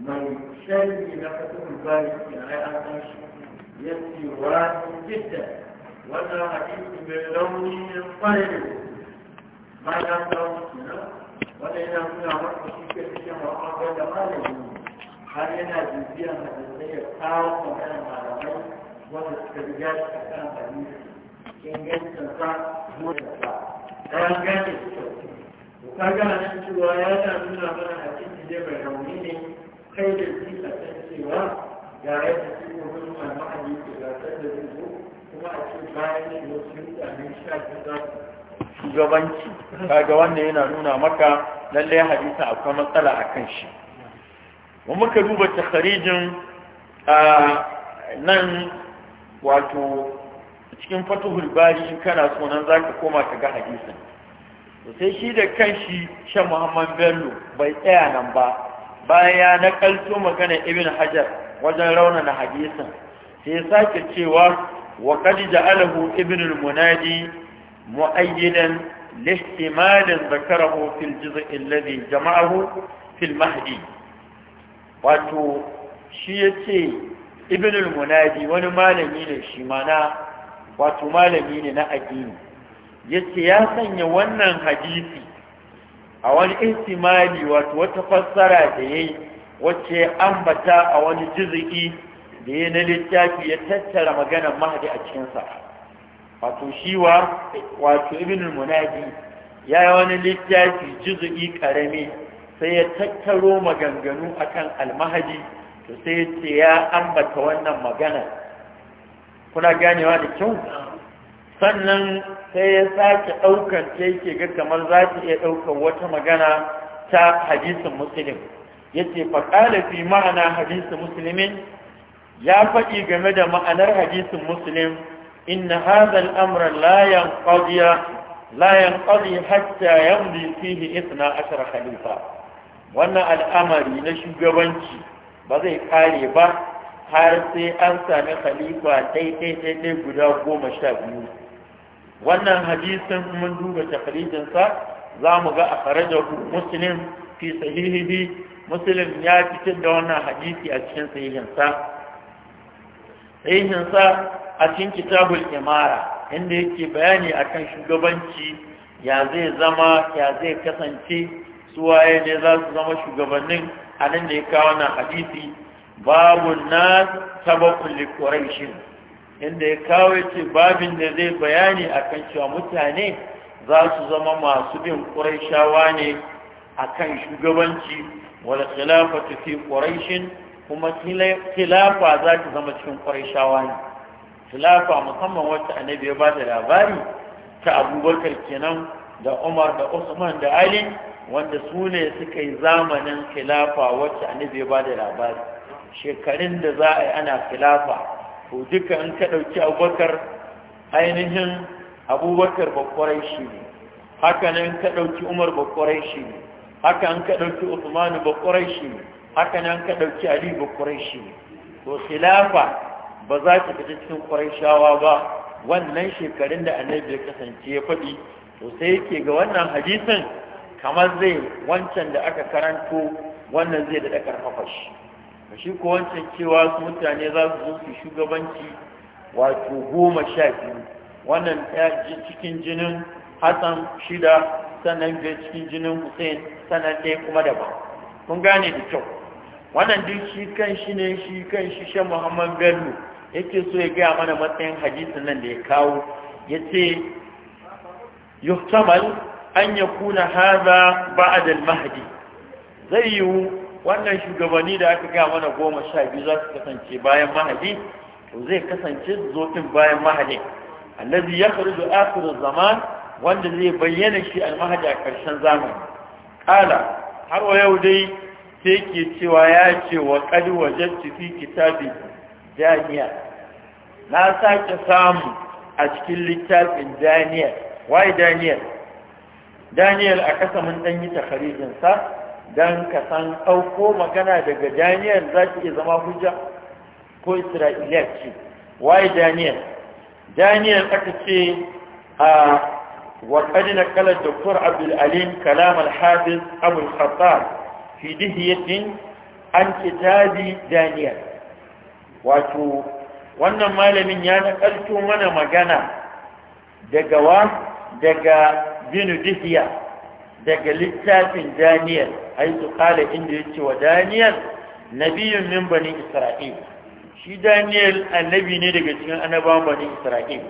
من شل نفسه البارد في العيال يأتي واسع جدا ولا حديث باللون ينطلب ما ينطلب ولا ينطلب وقت في كل شيء وقال ولا هل ينادي فيها مدرسية أو كمان معلمين وتسترجعش كلام حديث إن جنت نفاق مرتفع كلام جانب وكذا أنا شو ويانا من أمانة حديث جبل يومين kai da shi a kan cewa ga yadda su ko wani yi ke gasar da zai zo kuma a ce bayan shi wasu mutane sha biyu shugabanci kaga wannan yana nuna maka lallai hadisa akwai matsala a kan shi wa muka duba takharijin a nan wato cikin fatuhul bari in kana so nan zaka koma ka ga hadisin to sai shi da kanshi shan muhammad bello bai tsaya nan ba bayan ya nakalto maganar ibn hajar wajen raunana hadisan, sai ya sake cewa wa qad ja'alahu ibn al-munadi mu'ayyidan lihtimalin zakarahu fil juz' alladhi jama'ahu fil mahdi wato shi yace ibn al-munadi wani malami ne shi mana wato malami ne na addini yace ya sanya wannan hadisi a wani istimali wato wata fassara da ya yi wacce ambata a wani jizgi da ya na littafi ya tattara maganar mahadi a cikinsa wato shiwa wato ibn munadi ya yi wani littafi jizgi karami sai ya tattaro maganganu a akan almahadi to sai ya ambata wannan maganar. kuna ganewa da kyau sannan sai ya sake ɗaukar ta yake ga kamar za ta iya ɗaukar wata magana ta hadisin musulun ya ce faƙala fi ma'ana hadisin musulmin ya faɗi game da ma'anar hadisin musulun inna hadha al layan la yanqadi la yanqadi hatta yamdi fihi 12 khalifa wannan al'amari na shugabanci ba zai kare ba har sai an sami khalifa ɗaiɗaiɗaiɗai guda goma sha biyu wannan hadisin mun duba takharijinsa za mu ga a farajahu muslim fi sahihihi muslim ya fitar da wannan hadisi a cikin sahihinsa sahihinsa a cikin kitabul imara inda yake bayani akan shugabanci ya zai zama ya zai kasance suwaye ne za su zama shugabannin a nan da ya kawo wannan hadisi babu na tabakul liquraishin inda ya kawo ya ce babin da zai bayani akan cewa mutane za su zama masu bin ƙuraishawa ne akan shugabanci Khilafa ta fi quraishin kuma khilafa za ta zama cikin quraishawa ne khilafa musamman wacce annabi ya ba da labari ta abubakar kenan da umar da usman da ali wanda su ne suka yi zamanin khilafa wacce annabi ya ba da labari shekarun da za a yi ana khilafa ko duka in ka ɗauki abubakar ainihin abubakar bakwarai shi ne haka nan ka ɗauki umar bakwarai shi ne haka an ka ɗauki usmanu bakwarai shi ne haka nan ka ɗauki ali bakwarai shi ne to khilafa ba za ta fita cikin kwarai shawa ba wannan shekarun da annabi ya kasance ya faɗi to sai yake ga wannan hadisin kamar zai wancan da aka karanto wannan zai da ƙarfafa shi shi ko wancan cewa su mutane za su zo su shugabanci wato goma sha biyu wannan ɗaya cikin jinin hassan shida sannan biyar cikin jinin hussein sannan ɗaya kuma da ba. kun gane da kyau wannan duk shi kan shi ne shi kan shi shan muhammad bello yake so ya gaya mana matsayin hadisin nan da ya kawo ya ce yuhtamal an ya kuna haza ba'adal al-mahdi zai yiwu wannan shugabanni da aka gaya mana goma sha biyu za su kasance bayan mahadi to zai kasance zofin bayan mahadi allazi ya da akhirul zaman wanda zai bayyana shi almahadi a karshen zamani kala har wa yau dai sai ke cewa ya ce wa qad wajadtu fi kitabi daniya na sake samu a cikin littafin daniel why daniel daniel a kasa mun dan yi takarijin sa don ka san ɗauko magana daga daniyar za ki iya zama hujja ko isra'iliya ce waye daniyar daniel aka ce a waƙadi na kalar doktor abdulalim kalam alhafiz abu khattab fi dihiyatin an kitabi daniyar wato wannan malamin ya naƙalto mana magana daga wa daga binu dihiya daga littafin daniyal haitu kala inda ya ce wa daniyal nabiyun min bani isra'il shi daniyal annabi ne daga cikin annabawan bani isra'il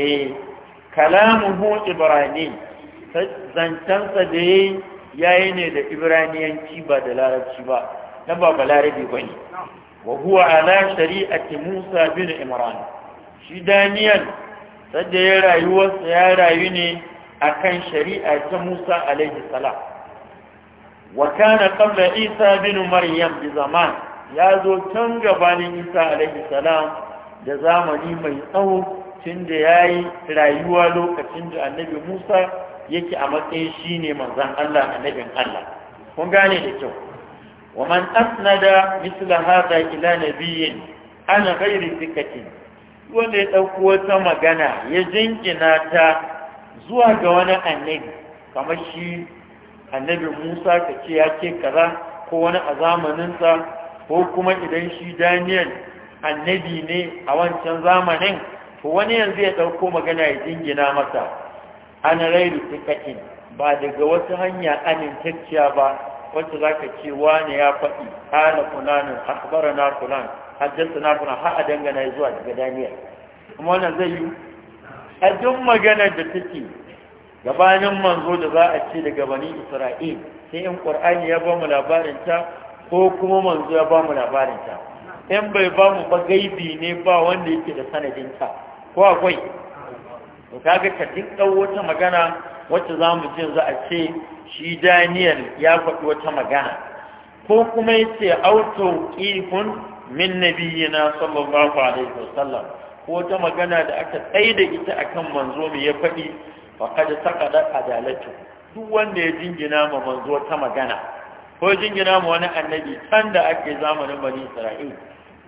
eh kalamuhu ibrani zancensa da yayi yayi ne da ibraniyanci ba da larabci ba na ba balarabi bane wa huwa ala shari'ati musa bin imran shi daniyal sadda ya rayuwarsa ya rayu ne akan shari'a ta Musa alaihi salam wa kana qabla Isa bin Maryam bi zaman ya zo tun gabanin Isa alaihi salam da zamani mai tsawo tun da yayi rayuwa lokacin da annabi Musa yake a matsayin shine manzon Allah annabin Allah kun gane da kyau wa man asnada mithla hada ila nabiyyin ana ghairi fikatin wanda ya dauko wata magana ya jinkina ta zuwa ga wani annabi kamar shi annabi musa ka ce ya ce kaza ko wani a zamaninsa ko kuma idan shi daniel annabi ne a wancan zamanin to wani yanzu ya dauko magana ya jingina masa an rairu tikatin ba daga wata hanya amintacciya ba wacce za ka ce wani ya faɗi ƙala kunanin akbara na kunan, haddasa na kunan, har a dangana zuwa daga daniel kuma wannan zai yi a duk maganar da take gabanin manzo da za a ce daga bani isra'il sai in ƙur'ani ya ba mu ta ko kuma manzo ya ba mu ta. in bai ba mu ba gaibi ne ba wanda yake da sanadin ta ko akwai to kaga ka duk dau wata magana wacce za mu jin za a ce shi daniel ya faɗi wata magana ko kuma yace ce auto min nabiyina sallallahu alaihi wasallam ko magana da aka tsaye da ita akan manzo mai ya faɗi faƙad sakaɗa adalatu duk wanda ya jingina ma manzo ta magana ko jingina ma wani annabi can da ake zamanin bani isra'il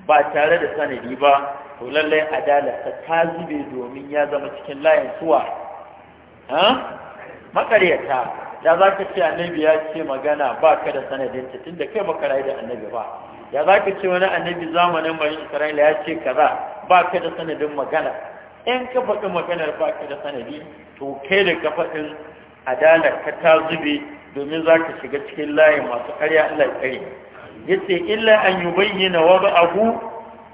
ba tare da sanadi ba to lallai adalarsa ta zube domin ya zama cikin layin suwa makaryata da za ka ce annabi ya ce magana ba ka da sanadinta tun da kai baka rayu da annabi ba ya za ka ce wani annabi zamanin mai isra'ila ya ce kaza ba ka da sanadin magana in ka faɗi maganar ba ka da sanadi to kai da kafaɗin faɗin adalar ka ta zube domin za ka shiga cikin layin masu karya allah ƙari ya ce illa an yi bayyana wani abu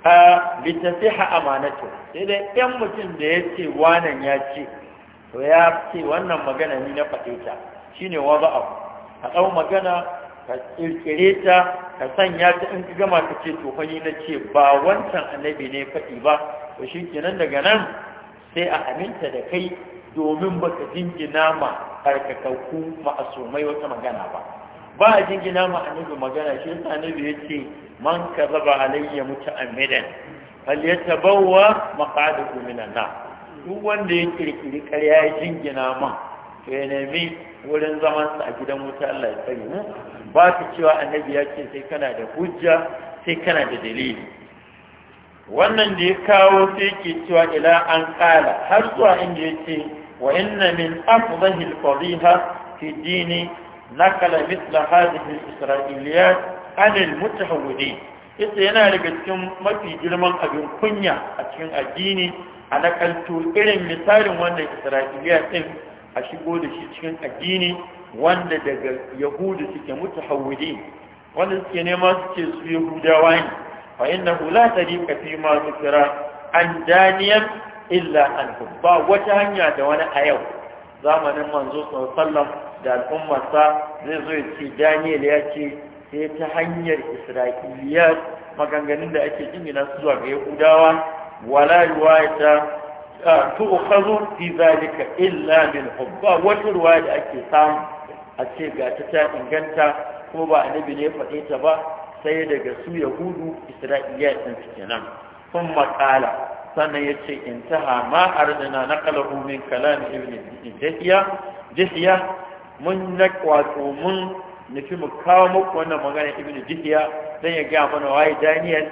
a littafiha amanatu sai dai ɗan mutum da ya ce wanan ya ce to ya ce wannan magana ni na faɗe ta shine wani abu a ɗau magana ka kirkire ta ka sanya ta in ka gama ka ce to fani na ce ba wancan annabi ne faɗi ba to shi kenan daga nan sai a aminta da kai domin ba ka jingina ma harkakakku ma'asumai wata magana ba ba a jingina ma annabi magana shi yasa annabi ya ce man zaba alayya muta'ammidan falyatabawwa maqadahu minan nar duk wanda ya kirkiri karya ya jingina man to ya nemi wurin zamansa a gidan wuta Allah ya tsare mu ba su cewa annabi ya ce sai kana da hujja sai kana da dalili wannan da ya kawo sai ke cewa ila an kala har zuwa inda ya ce wa inna min afdahi al-fadhiha fi dini nakala mithla hadhihi al-isra'iliyat an al-mutahawwidin ita yana daga cikin mafi girman abin kunya a cikin addini a nakaltu irin misalin wannan isra'iliya din a shigo da shi cikin addini wanda daga yahudu suke mutahawwidin wanda suke nema su ce su yahudawa ne fa innahu la tariqa fi ma zikra an daniyan illa anhum ba wata hanya da wani a yau zamanin manzo sallam da al'ummarsa zai zo ya ce daniel ya ce sai ta hanyar isra'iliyar maganganun da ake jingina su zuwa ga yahudawa wala riwayata tu'khadhu fi zalika illa bil hubba wata riwaya da ake samu a ce ga ta ta inganta ko ba annabi ne faɗe ta ba sai daga su yahudu isra'iliya ɗin su nan. kun maƙala sannan ya ce in taha ma arzina na kalahu min kalam ibn jahiya jahiya mun na kwato mun nufi mu kawo muku wannan magana ibn jahiya dan ya ga mana waye daniel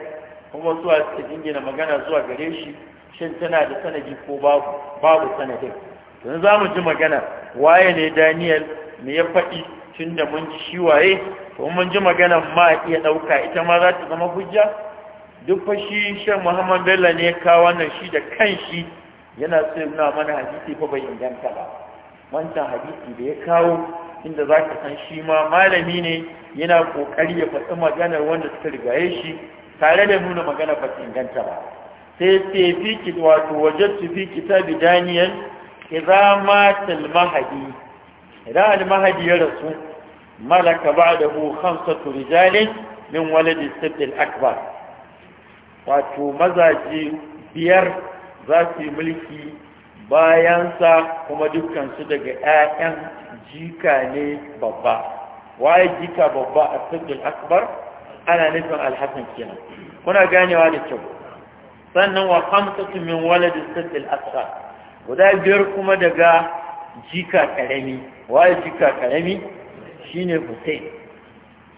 kuma zuwa ta dingina magana zuwa gare shi shin tana da sanadi ko babu babu sanadin yanzu za mu ji magana waye ne daniel me ya faɗi tun da mun ji shi waye to mun ji magana ma iya ɗauka ita ma za ta zama hujja duk fa shi shan muhammad bello ne ya kawo wannan shi da kan shi yana so na mana hadisi fa bai inganta ba wancan hadisi da ya kawo inda za ka san shi ma malami ne yana ƙoƙari ya faɗi maganar wanda suka rigaye shi tare da nuna magana ba inganta ba sai sai fi wato wajen fi kitabi daniel idza matal mahdi idan almahadi ya rasu malaka ba'dahu khamsatu rijalin min waladi sibil akbar wato mazaje biyar za su yi mulki bayansa kuma dukansu daga 'ya'yan jika ne babba waye jika babba a sibil akbar ana nufin alhassan kenan kuna ganewa da kyau sannan wa khamsatu min waladi sibil asghar guda biyar kuma daga jika karami waye cika karami shine Hussein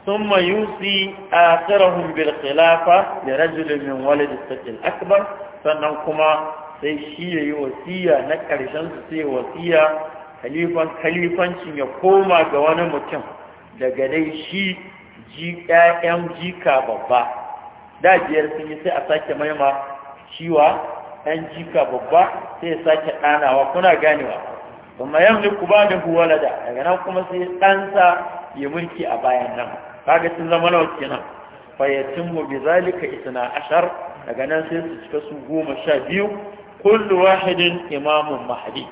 thumma yusi akhirahum bil khilafa li rajulin min walid as-sittil akbar sannan kuma sai shi yayi wasiya na karshen su sai wasiya khalifan khalifancin ya koma ga wani mutum daga dai shi ji ƴaƴan jika babba da biyar sun yi sai a sake maima ciwa ɗan jika babba sai ya sake ɗanawa kuna ganewa kuma da huwala da daga nan kuma sai ɗansa ya mulki a bayan nan kaga sun zama nawa kenan fa yatimmu bi zalika itna ashar daga nan sai su cika su goma sha biyu kullu wahidin imamun mahdi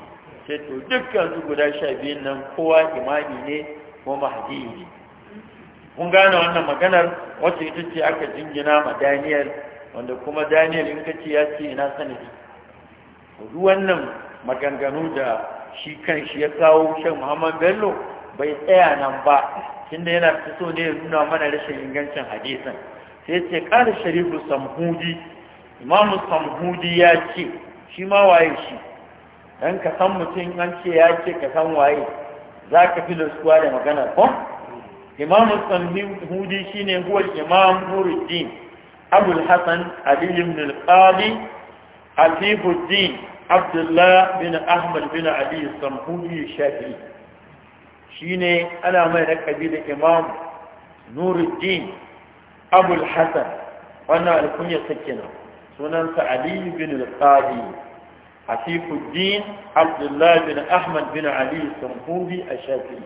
sai to dukkan su guda sha biyun nan kowa imami ne ko mahdi ne kun gane wannan maganar wacce ita ce aka jingina ma Daniel wanda kuma Daniel in kace ya ce ina sanadi duk wannan maganganu da shi kan shi ya kawo shan muhammad bello bai tsaya nan ba tunda yana fito ne ya nuna mana rashin ingancin hadisan. sai ce ƙara sharifu samhudi imamu samhudi ya ce shi ma waye shi dan ka san mutum an ce ya ce ka san waye za ka fi da suwa da magana ko imamu samhudi shine huwa imam nuruddin abul hasan ali ibn al-qadi afifuddin Abdullahi bin ahmad bin ali samhuri shafi Shi ne ana mai rakabi da imam nuruddin abul hasan wannan alkunya sakina sunansa ali bin al-qadi hafifuddin Abdullahi bin ahmad bin ali samhuri a shafi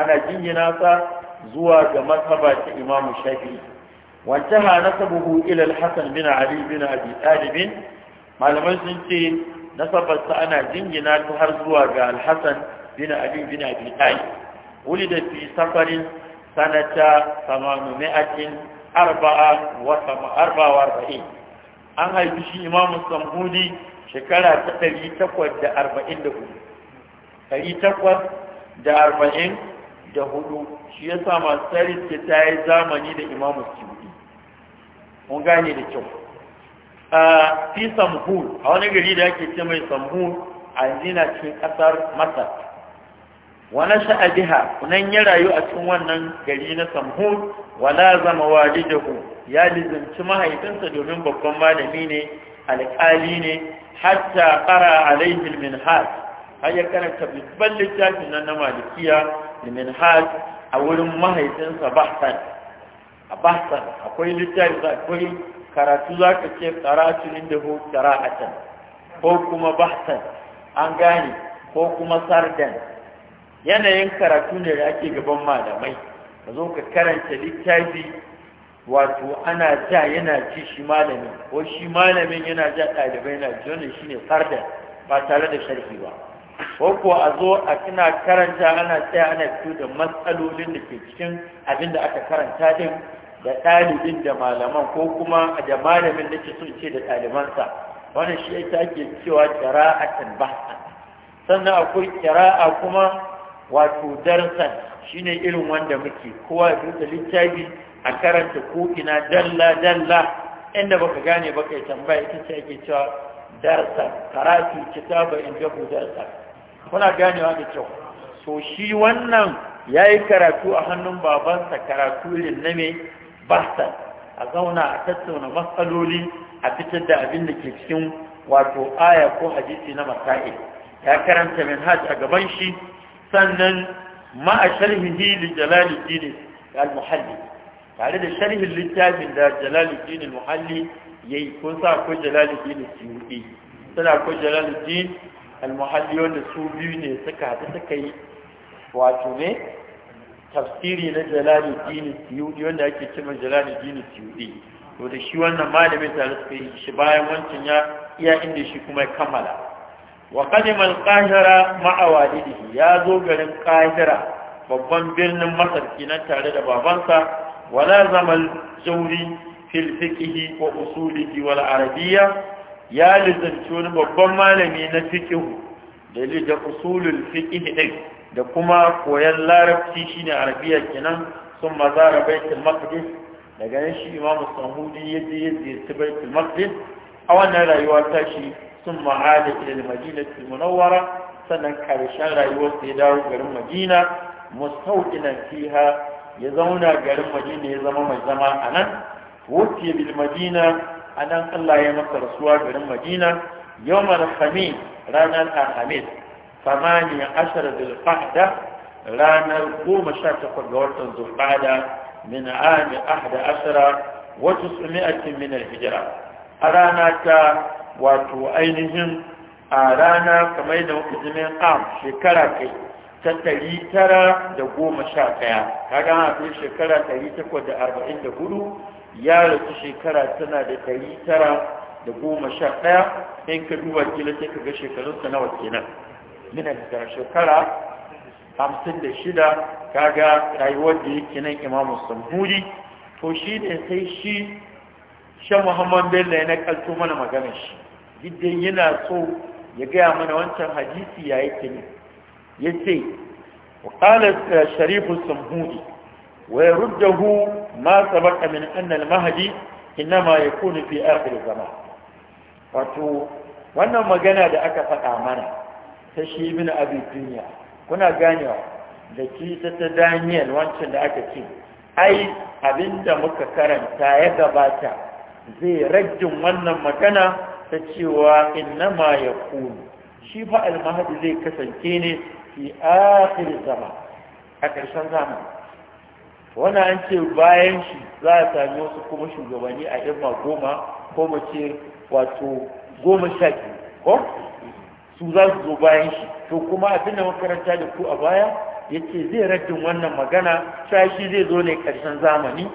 ana jinyina sa zuwa ga mazhaba ta imam shafi wancan nasabuhu ila al Hassan bin ali bin abi talib malamai sun ce na safarsa ana jingina ta har zuwa ga alhassan bin Ali bin abin tai wuli da fi safarin sanata samanu mai'akin arba'a wa arba'in an haifi shi imamu samhudi shekara ta ɗari takwas da arba'in da hudu ɗari takwas da arba'in da hudu shi ya sa masu tsarin ta yi zamani da imamu samhudi mun gane da kyau a fi samhul a wani gari da yake ce mai samhul a yanzu na cikin ƙasar masar wani sha'adiha kunan ya rayu a cikin wannan gari na samhul wala zama walidahu ya lizanci mahaifinsa domin babban malami ne alƙali ne hatta ƙara alaihi minhaj har ya karanta babban littafin nan na malikiya minhaj a wurin mahaifinsa bahsan a bahsan akwai littafi akwai karatu za ka ce karatu inda hu hatan ko kuma bahtan an gane ko kuma sardan yanayin karatu ne da ake gaban malamai ka zo ka karanta littafi wato ana ja yana ci shi malamin ko shi malamin yana ja ɗalibai yana ji wannan ne sardan ba tare da sharhi ba ko ko a zo a kina karanta ana tsaya ana fito da matsalolin da ke cikin abin da aka karanta din da ɗalibin da malaman ko kuma da malamin da ke so ce da ɗalibansa wani shi ita ake cewa qira'atan bahsan sannan akwai a kuma wato darsan ne irin wanda muke kowa ya da littafi a karanta ko ina dalla dalla inda baka gane baka yi tambaya ita ce ake cewa darsan karatu kitaba in jabu darsan kuna ganewa da kyau to shi wannan ya yi karatu a hannun babansa karatu irin na me. basta a zauna a tattauna matsaloli a fitar da abin da ke cikin wato aya ko hadisi na masail ya karanta minhaj a gaban shi sannan ma a sharhihi li jalaluddin al-muhalli tare da sharhin littafin da jalali al-muhalli yayi kun sa ko jalaluddin suyuti suna ko jalaluddin al-muhalli wanda su biyu ne suka haɗu suka yi wato ne tafsiri na jalali dini siyudi wanda ake cewa jalali dini siyudi to da shi wannan malamin tare suka yi shi bayan wancan ya iya inda shi kuma ya kammala wa qadima al-qahira ma'a walidihi ya zo garin qahira babban birnin masar na tare da babansa wala zamal jauri fil fiqhi wa usulihi wal arabiyya ya lizanci wani babban malami na fiqhu da da usulul fiqhi din da kuma koyan larabci shine arabiya kenan sun mazara baitul maqdis daga nan shi imamu sahudi ya je ya ziyarci baitul maqdis a wannan rayuwa ta shi sun ma'ada ila madinati munawwara sannan karshen rayuwar ya dawo garin madina mustaudinan fiha ya zauna garin madina ya zama mai zama a nan wuce bil madina a nan allah ya masa rasuwa garin madina yawmar khamis ranar alhamis samaniya ashara zulqa'da ranar goma sha takwas ga watan zulqa'da min ami ahda ashara wa tusmi'atin min al-hijra a rana wato ainihin a rana kamar da mutumin am shekara kai ta ɗari tara da goma sha ɗaya a kai shekara ɗari takwas arba'in da hudu ya rasu shekara tana da ɗari tara da goma sha ɗaya in ka duba kila sai ka ga shekarunsa nawa kenan min al shekara hamsin da shida kaga rayuwar da yake nan imamu samhuri to shi ne sai shi shan Muhammadu bello na kalto mana maganar shi gidan yana so ya gaya mana wancan hadisi ya yake ne ya ce وقال شريف السمهودي ويرده ما سبق من أن المهدي إنما يكون في آخر zama. wato wannan magana da aka faɗa mana ta shi ibn abi duniya kuna ganewa da kisa ta daniel wancan da aka ce ai abinda muka karanta ya gabata zai rajin wannan magana ta cewa inna ma ya kunu shi fa almahadi zai kasance ne fi akhir zama a ƙarshen zamani wannan an ce bayan shi za a sami wasu kuma shugabanni a irma goma ko mace wato goma sha biyu ko su za su zo bayan shi to kuma abin da makaranta da ku a baya ya ce zai raddin wannan magana shi zai zo ne karshen zamani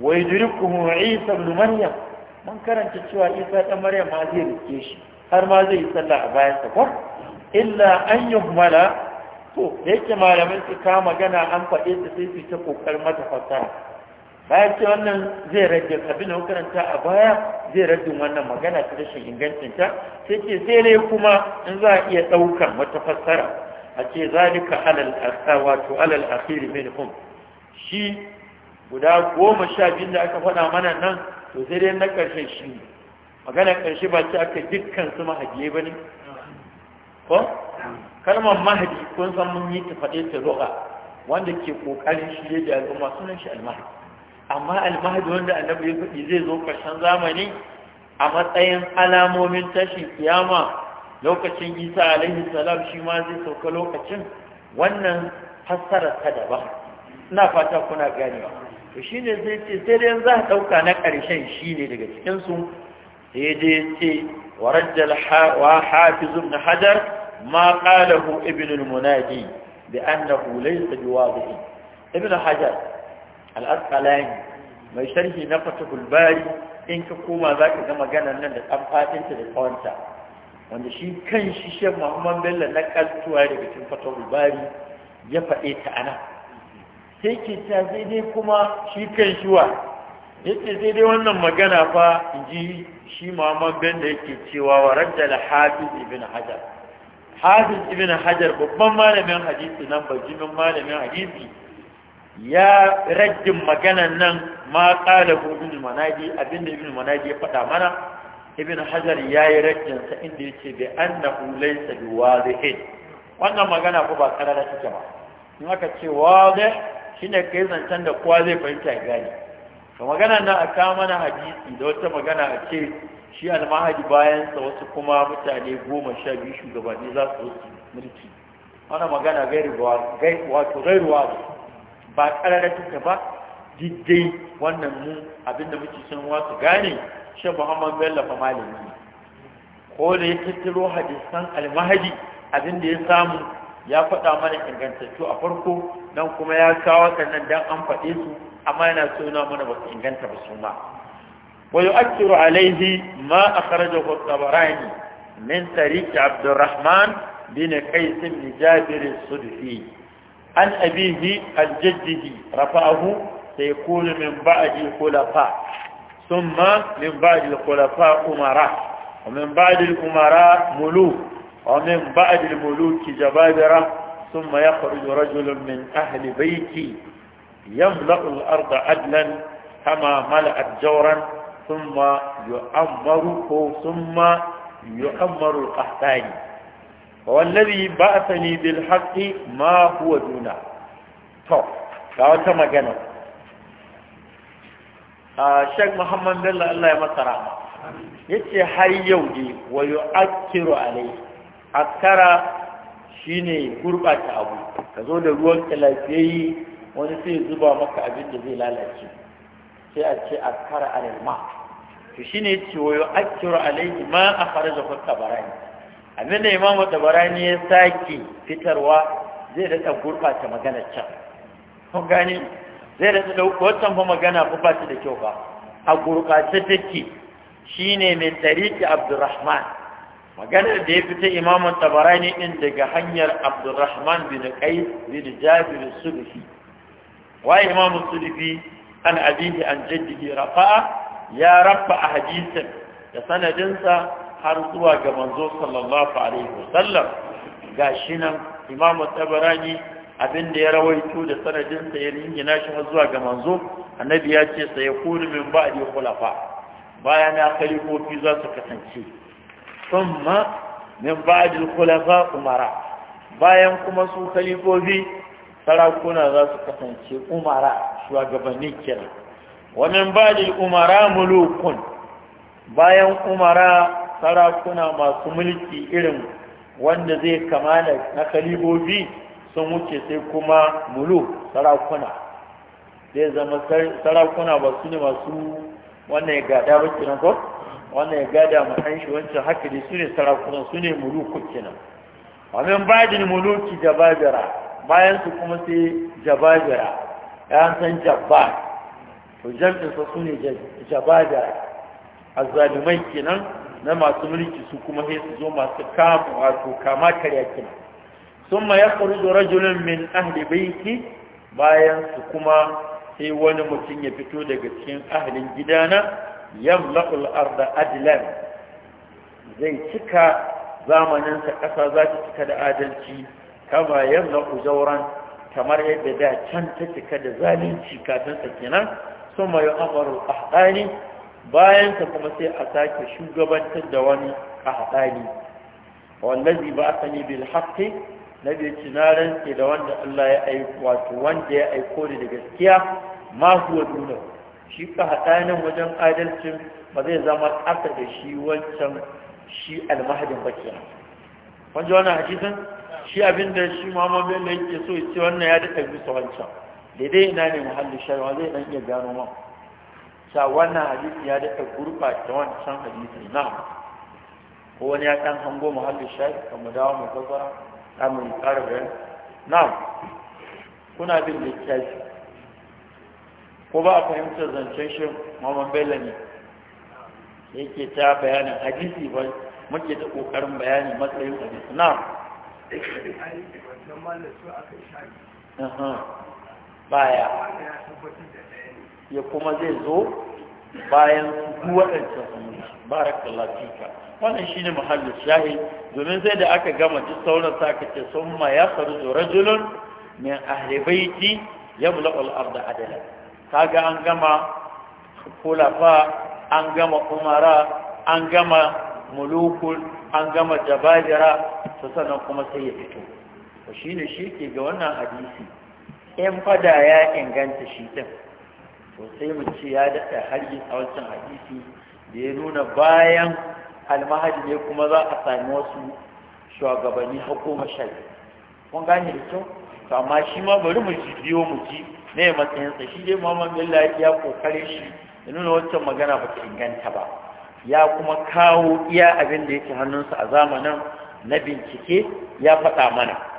wai durikuhu isa ibn maryam mun karanta cewa isa ɗan maryam ma zai rike shi har ma zai yi sallah a bayan sa ko illa an yuhmala to da yake malamai su ka magana an faɗe su sai su ta kokarin mata fasaha. bayan ce wannan zai rage abin da karanta a baya zai rage wannan magana ta rashin ingancinta sai ce sai ne kuma in za a iya ɗaukan wata fassara a ce zalika alal wato alal akhiri minhum shi guda goma sha biyu da aka faɗa mana nan to dai na ƙarshe shi magana ƙarshe ba ce aka dukkan su mahajiye ba ne ko kalmar mahadi kun san mun yi ta faɗe ta ro'a wanda ke ƙoƙarin shirye da al'umma sunan shi almahadi amma almahadi wanda annabi ya faɗi zai zo ƙarshen zamani a matsayin alamomin tashin kiyama lokacin isa alaihi salam shi ma zai sauka lokacin wannan fassarar ta daban ina fata kuna ganewa to shine zai ce sai dai za a ɗauka na ƙarshen shine daga cikinsu sai dai ce wa rajjal wa hafiz ibn hajar ma qalahu ibn al-munadi bi annahu laysa biwadhi ibn hajar al'asqalani mai sharhi na fatahul bari in ka koma za ka ga magana nan da tsamfatinta da tsawonta wanda shi kan shi shan muhammad bello na kaltuwa daga cikin fatahul bari ya faɗe ta ana sai ke ta sai dai kuma shi kan shi yake sai dai wannan magana fa in ji shi muhammad bello yake cewa wa raddala hafiz ibn hajar hafiz ibn hajar babban malamin hadisi nan bajimin malamin hadisi ya rajin maganan nan ma kala manaji abinda ibn manaji ya faɗa mana ibn hajar ya yi sa inda ya ce bai annahu laysa bi wadihin wannan magana ko ba karara take ba in aka ce wadih shine kai zancen da kowa zai fahimta ya gane to magana nan a kawo mana hadisi da wata magana a ce shi almahadi bayansa wasu kuma mutane goma sha biyu shugabanni za su mulki wannan magana gairuwa wato gairuwa ne ba ƙararrakin ta ba diddai wannan mu abinda muke son wasu gane shi muhammad bello fa malami ne ko da ya tattaro hadisan almahadi abinda ya samu ya faɗa mana ingantattu a farko nan kuma ya kawo sannan don an faɗe su amma yana so yana mana ba su inganta ba su ma wa yu'akkiru alaihi ma akhrajahu at-tabarani min tariqi abdurrahman bin qais bin jabir as-sudfi عن أبيه عن جده رفعه سيكون من بعد الخلفاء ثم من بعد الخلفاء أمراء ومن بعد الأمراء ملوك ومن بعد الملوك جبابرة ثم يخرج رجل من أهل بيتي يملأ الأرض عدلا كما ملأت جورا ثم يؤمر ثم يؤمر الأحتاج wallazi ba'athani bil haqqi ma huwa duna to ga wata magana a Sheikh Muhammad Bello Allah ya masa rahama yace har yau ne wa yu'akkiru alai akkara shine gurbata abu ka zo da ruwan kalafiyayi wani sai zuba maka abin da zai lalace sai a ce akkara alal ma to shine yace wa yu'akkiru alai ma akhrajahu tabarani abin da imamu tabarani ya sake fitarwa zai da gurɓata maganar can kun gani zai da ɗauko wancan magana ko ba da kyau ba a gurɓace take shine mai tariki abdurrahman maganar da ya fita imamun tabarani ɗin daga hanyar abdurrahman bin qais bin jabir sulufi wa imam sulfi an abihi an jaddidi rafa'a ya rabba a hadisin da sanadinsa har zuwa ga manzo sallallahu alaihi wasallam gashi nan imam tabarani abin da ya rawaito da sanadin sa ya ringina shi har zuwa ga manzo annabi ya ce sai kullu min ba'di khulafa bayana khalifofi za su kasance thumma min ba'di khulafa umara bayan kuma su khalifofi sarakuna za su kasance umara shugabanni kenan wa min ba'di umara mulukun bayan umara sarakuna masu mulki irin wanda zai kamala na kalibobi sun wuce sai kuma mulu sarakuna zai zama sarakuna ba su ne masu wannan ya gada ba kenan ko wannan ya gada ma an shi wancan haka ne su ne sarakuna su ne muluku kenan amin bayan muluki jabajara bayan su kuma sai jabajara ya san jabba, to jam'insa su ne jabajara azzalumai kenan na masu mulki su kuma sai su zo masu kama wato kama karya kina sun ma ya faru rajulun min ahli baiti bayan su kuma sai wani mutum ya fito daga cikin ahlin gidana yamla'ul arda adlan zai cika zamanin sa kasa za ta cika da adalci kama yamla'u zauran kamar yadda da can ta cika da zalunci kafin sa kenan sun ma yi amarul ahdani bayan ka kuma sai a sake shugabantar da wani a haɗari, wallazi ba a sani bil haqqi na bai ci da wanda Allah ya aiko wato wanda ya aiko ni da gaskiya ma huwa duna shi ka nan wajen adalcin ba zai zama ƙasa da shi wancan shi almahadin ba wanda wannan hadisin shi abinda shi Muhammad Bello yake so ya ce wannan ya daɗa bisa wancan daidai ina ne muhallin shari'a zai dan iya gano ma sa wannan hadisi ya daɗa gurɓata wancan hadisi na ko wani ya ɗan hango muhallin shayi kan mu dawo mu gaba ɗan mu ƙara na kuna bin littafi ko ba a fahimtar zancen shi mamman bela ne yake ta bayanin hadisi ba muke ta ƙoƙarin bayani matsayin hadisi na baya ya kuma zai zo bayan waɗancan sun barakallahu fika wannan ne muhallin shahi domin sai da aka gama duk sauran sa ka ce faru da rajulun min ahli ya bula al-ardh adala ga an gama kulafa an gama umara an gama mulukul an gama jabajira su sannan kuma sai ya fito shi ne shi ke ga wannan hadisi in fada ya inganta shi ɗin Sosai mu ce ya daɗa hargin a wancan hadisi da ya nuna bayan almahadi ne kuma za a sami wasu shugabanni har goma kun gane da kyau to amma shi ma bari mu ji biyo mu ji ne matsayinsa shi dai mamman billahi ya kokare shi ya nuna wancan magana ba ta inganta ba ya kuma kawo iya abin da yake hannunsa a zamanin na bincike ya faɗa mana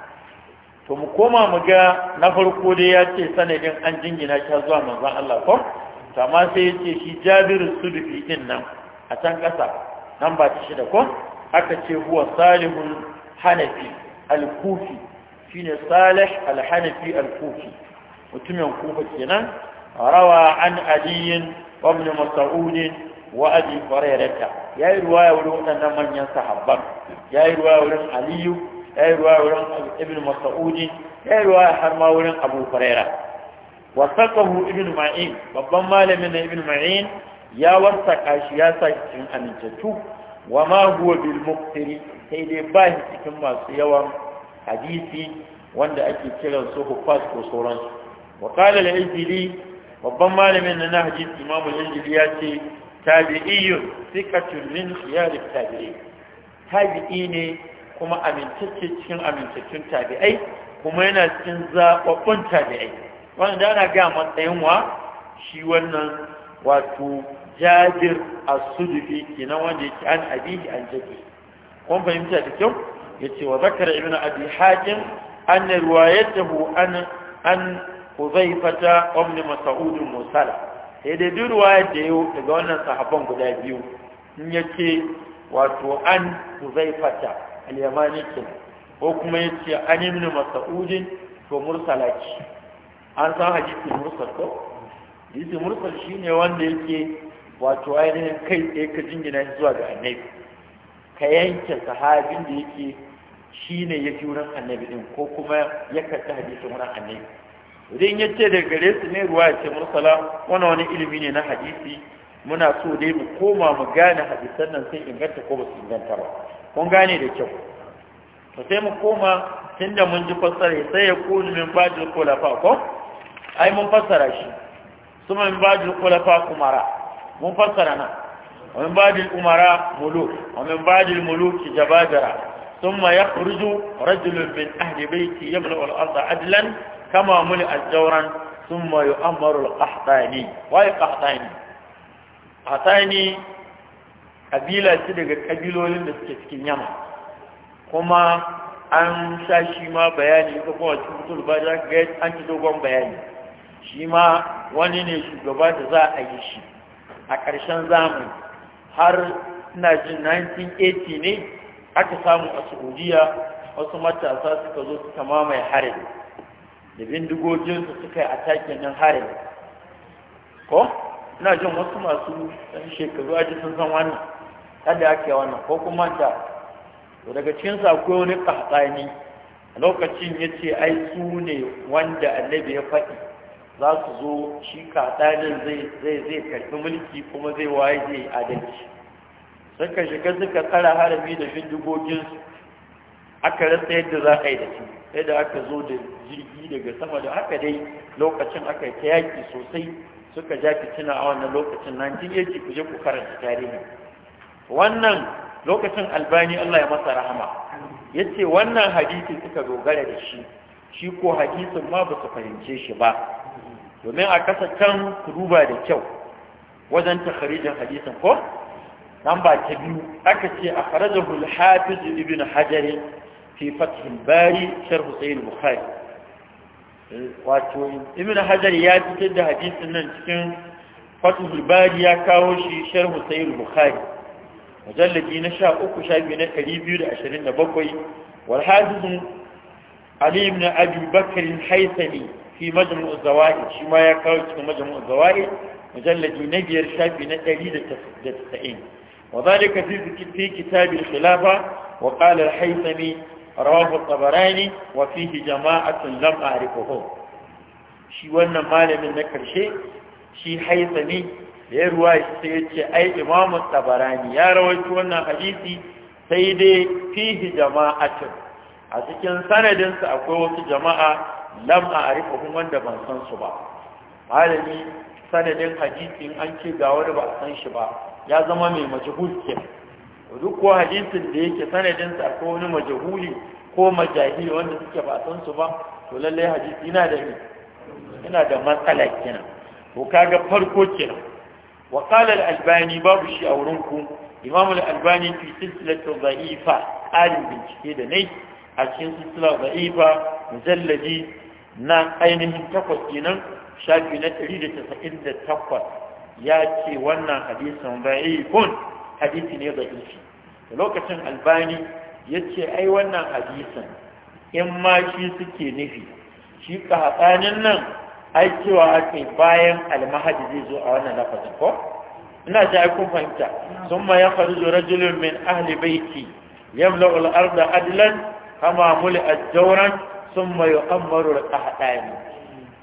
to mu koma mu ga na farko dai ya ce sanadin an jingina shi zuwa manzon Allah ko to amma sai ya ce shi Jabiru Sudufi din nan a can ƙasa nan ba ta shida ko aka ce huwa Salihun Hanafi Al-Kufi shine Salih Al-Hanafi Al-Kufi mutumin Kufa kenan rawa an aliyin wa ibn Mas'ud wa abi Hurairah yayi ruwaya wurin waɗannan manyan sahabban yayi ruwaya wurin Aliyu ya yi ruwa wurin ibn mas'udi ya yi ruwa har ma wurin abu huraira wasaqahu ibn ma'in babban malamin na ibn ma'in ya wasaka shi ya sa cikin amintattu wa ma huwa bil muqtiri sai dai ba shi cikin masu yawan hadisi wanda ake kiran su hufas ko sauransu wa qala al babban malamin na hadisi imam al-ijli ya ce tabi'iyyun thiqatun min khiyar tabi'i ne kuma amintacce cikin amintaccen tabi'ai kuma yana cikin zaɓaɓɓun tabi'ai wannan da ana gaya matsayin wa shi wannan wato jabir a sudufi kenan wanda yake an abihi an jabi kun fahimta da kyau ya ce wa zakar ibnu abi hatim an riwayatahu an an huzaifata ibn mas'ud musala sai dai duk ruwa da yau daga wannan sahaban guda biyu in yace wato an huzaifata al-yamani kenan ko kuma yace an yi ibn masa'udin, to mursala ce an san hadisi mursal ko hadisi mursal shine wanda yake wato ainihin kai tsaye ka jingina shi zuwa ga annabi ka yanke sahabin da yake shine ya fi wurin annabi din ko kuma ya karɓi hadisin wurin annabi idan ya ce da gare su ne ruwa ce mursala wani wani ilimi ne na hadisi muna so dai mu koma mu gane hadisan nan sai inganta ko ba su inganta ba kun gane da kyau to sai mu koma tunda mun ji fassara sai ya kunu min bajul kulafa ko ai mun fassara shi kuma min bajul khulafa kumara mun fassara nan ومن بعد الأمراء ملوك ومن بعد الملوك جبادرة ثم يخرج رجل من أهل بيتي يملأ الأرض عدلا كما ملئت جورا ثم يؤمر القحطاني واي قحطاني قحطاني kabila ce daga kabilolin da suke cikin yamma kuma an sha shi ma bayani ko kuma cikin mutul ba da ga an ci dogon bayani shi ma wani ne shugaba da za a yi shi a ƙarshen zamani har ina jin 1980 ne aka samu a saudiya wasu matasa suka zo suka mamaye harin da su suka yi a takin nan harin ko ina jin wasu masu ɗan shekaru a jisun san wannan kada ake wannan ko kuma ta to daga cikin sa akwai wani qahtani lokacin yace ai su ne wanda annabi ya faɗi za su zo shi qahtanin zai zai zai karbi mulki kuma zai waye zai adalci suka shiga suka tsara harami da bindigogin su aka rasa yadda za a yi da shi sai aka zo da jirgi daga sama da haka dai lokacin aka ta yaki sosai suka ja fitina a wannan lokacin 1980 ku je ku karanta tarihi wannan lokacin albani Allah ya masa rahama yace wannan hadisi suka dogara da shi shi ko hadisin ma ba su fahimce shi ba domin a kasa can duba da kyau wajen takharijin hadisin ko nan ba ta biyu aka ce a farajahul hafiz ibn hajari fi fathul bari shar sayyid bukhari wato ibn ya fitar da hadisin nan cikin fathul bari ya kawo shi shar sayyid bukhari mujalladi na sha uku sha biyu na ɗari biyu da ashirin da bakwai wal hadisun ali ibn abi bakr haisani fi majmu'u zawaid shi ya kawo cikin majmu'u zawaid mujalladi na biyar shafi na ɗari da tasa'in وذلك في كتاب الخلافة وقال الحيثمي رواه الطبراني وفيه جماعة لم أعرفهم شي وانا مال من نكر شيء شي حيثمي da ya ruwa sai ya ce ai imamu tabarani ya rawaito wannan hadisi sai dai fihi jama'atin a cikin sanadinsa akwai wasu jama'a lam a kuma wanda ban san su ba malami sanadin hadisi an ce ga wani ba a san shi ba ya zama mai majhul ke duk ko hadisin da yake sanadinsa akwai wani majahuli ko majahili wanda suke ba a san su ba to lallai hadisi yana da yana da matsala kenan to kaga farko kenan Wakalar qala al-albani babu shi a wurin ku imam al-albani fi silsilatu dha'ifa bincike da nai a cikin silsila dha'ifa mujalladi na ainihin takwas kenan shafi na 198 ya ce wannan hadisin da'ifun hadisi ne da'ifi lokacin albani ya ce ai wannan hadisin in ma shi suke nufi shi ka nan ai cewa ake bayan almahadi zai zo a wannan lafazin ko ina ji ai kun fahimta summa ya kharuju rajulun min ahli baiti yamla'u al-arda adlan kama mul'at jawran summa yu'ammaru al-qahdani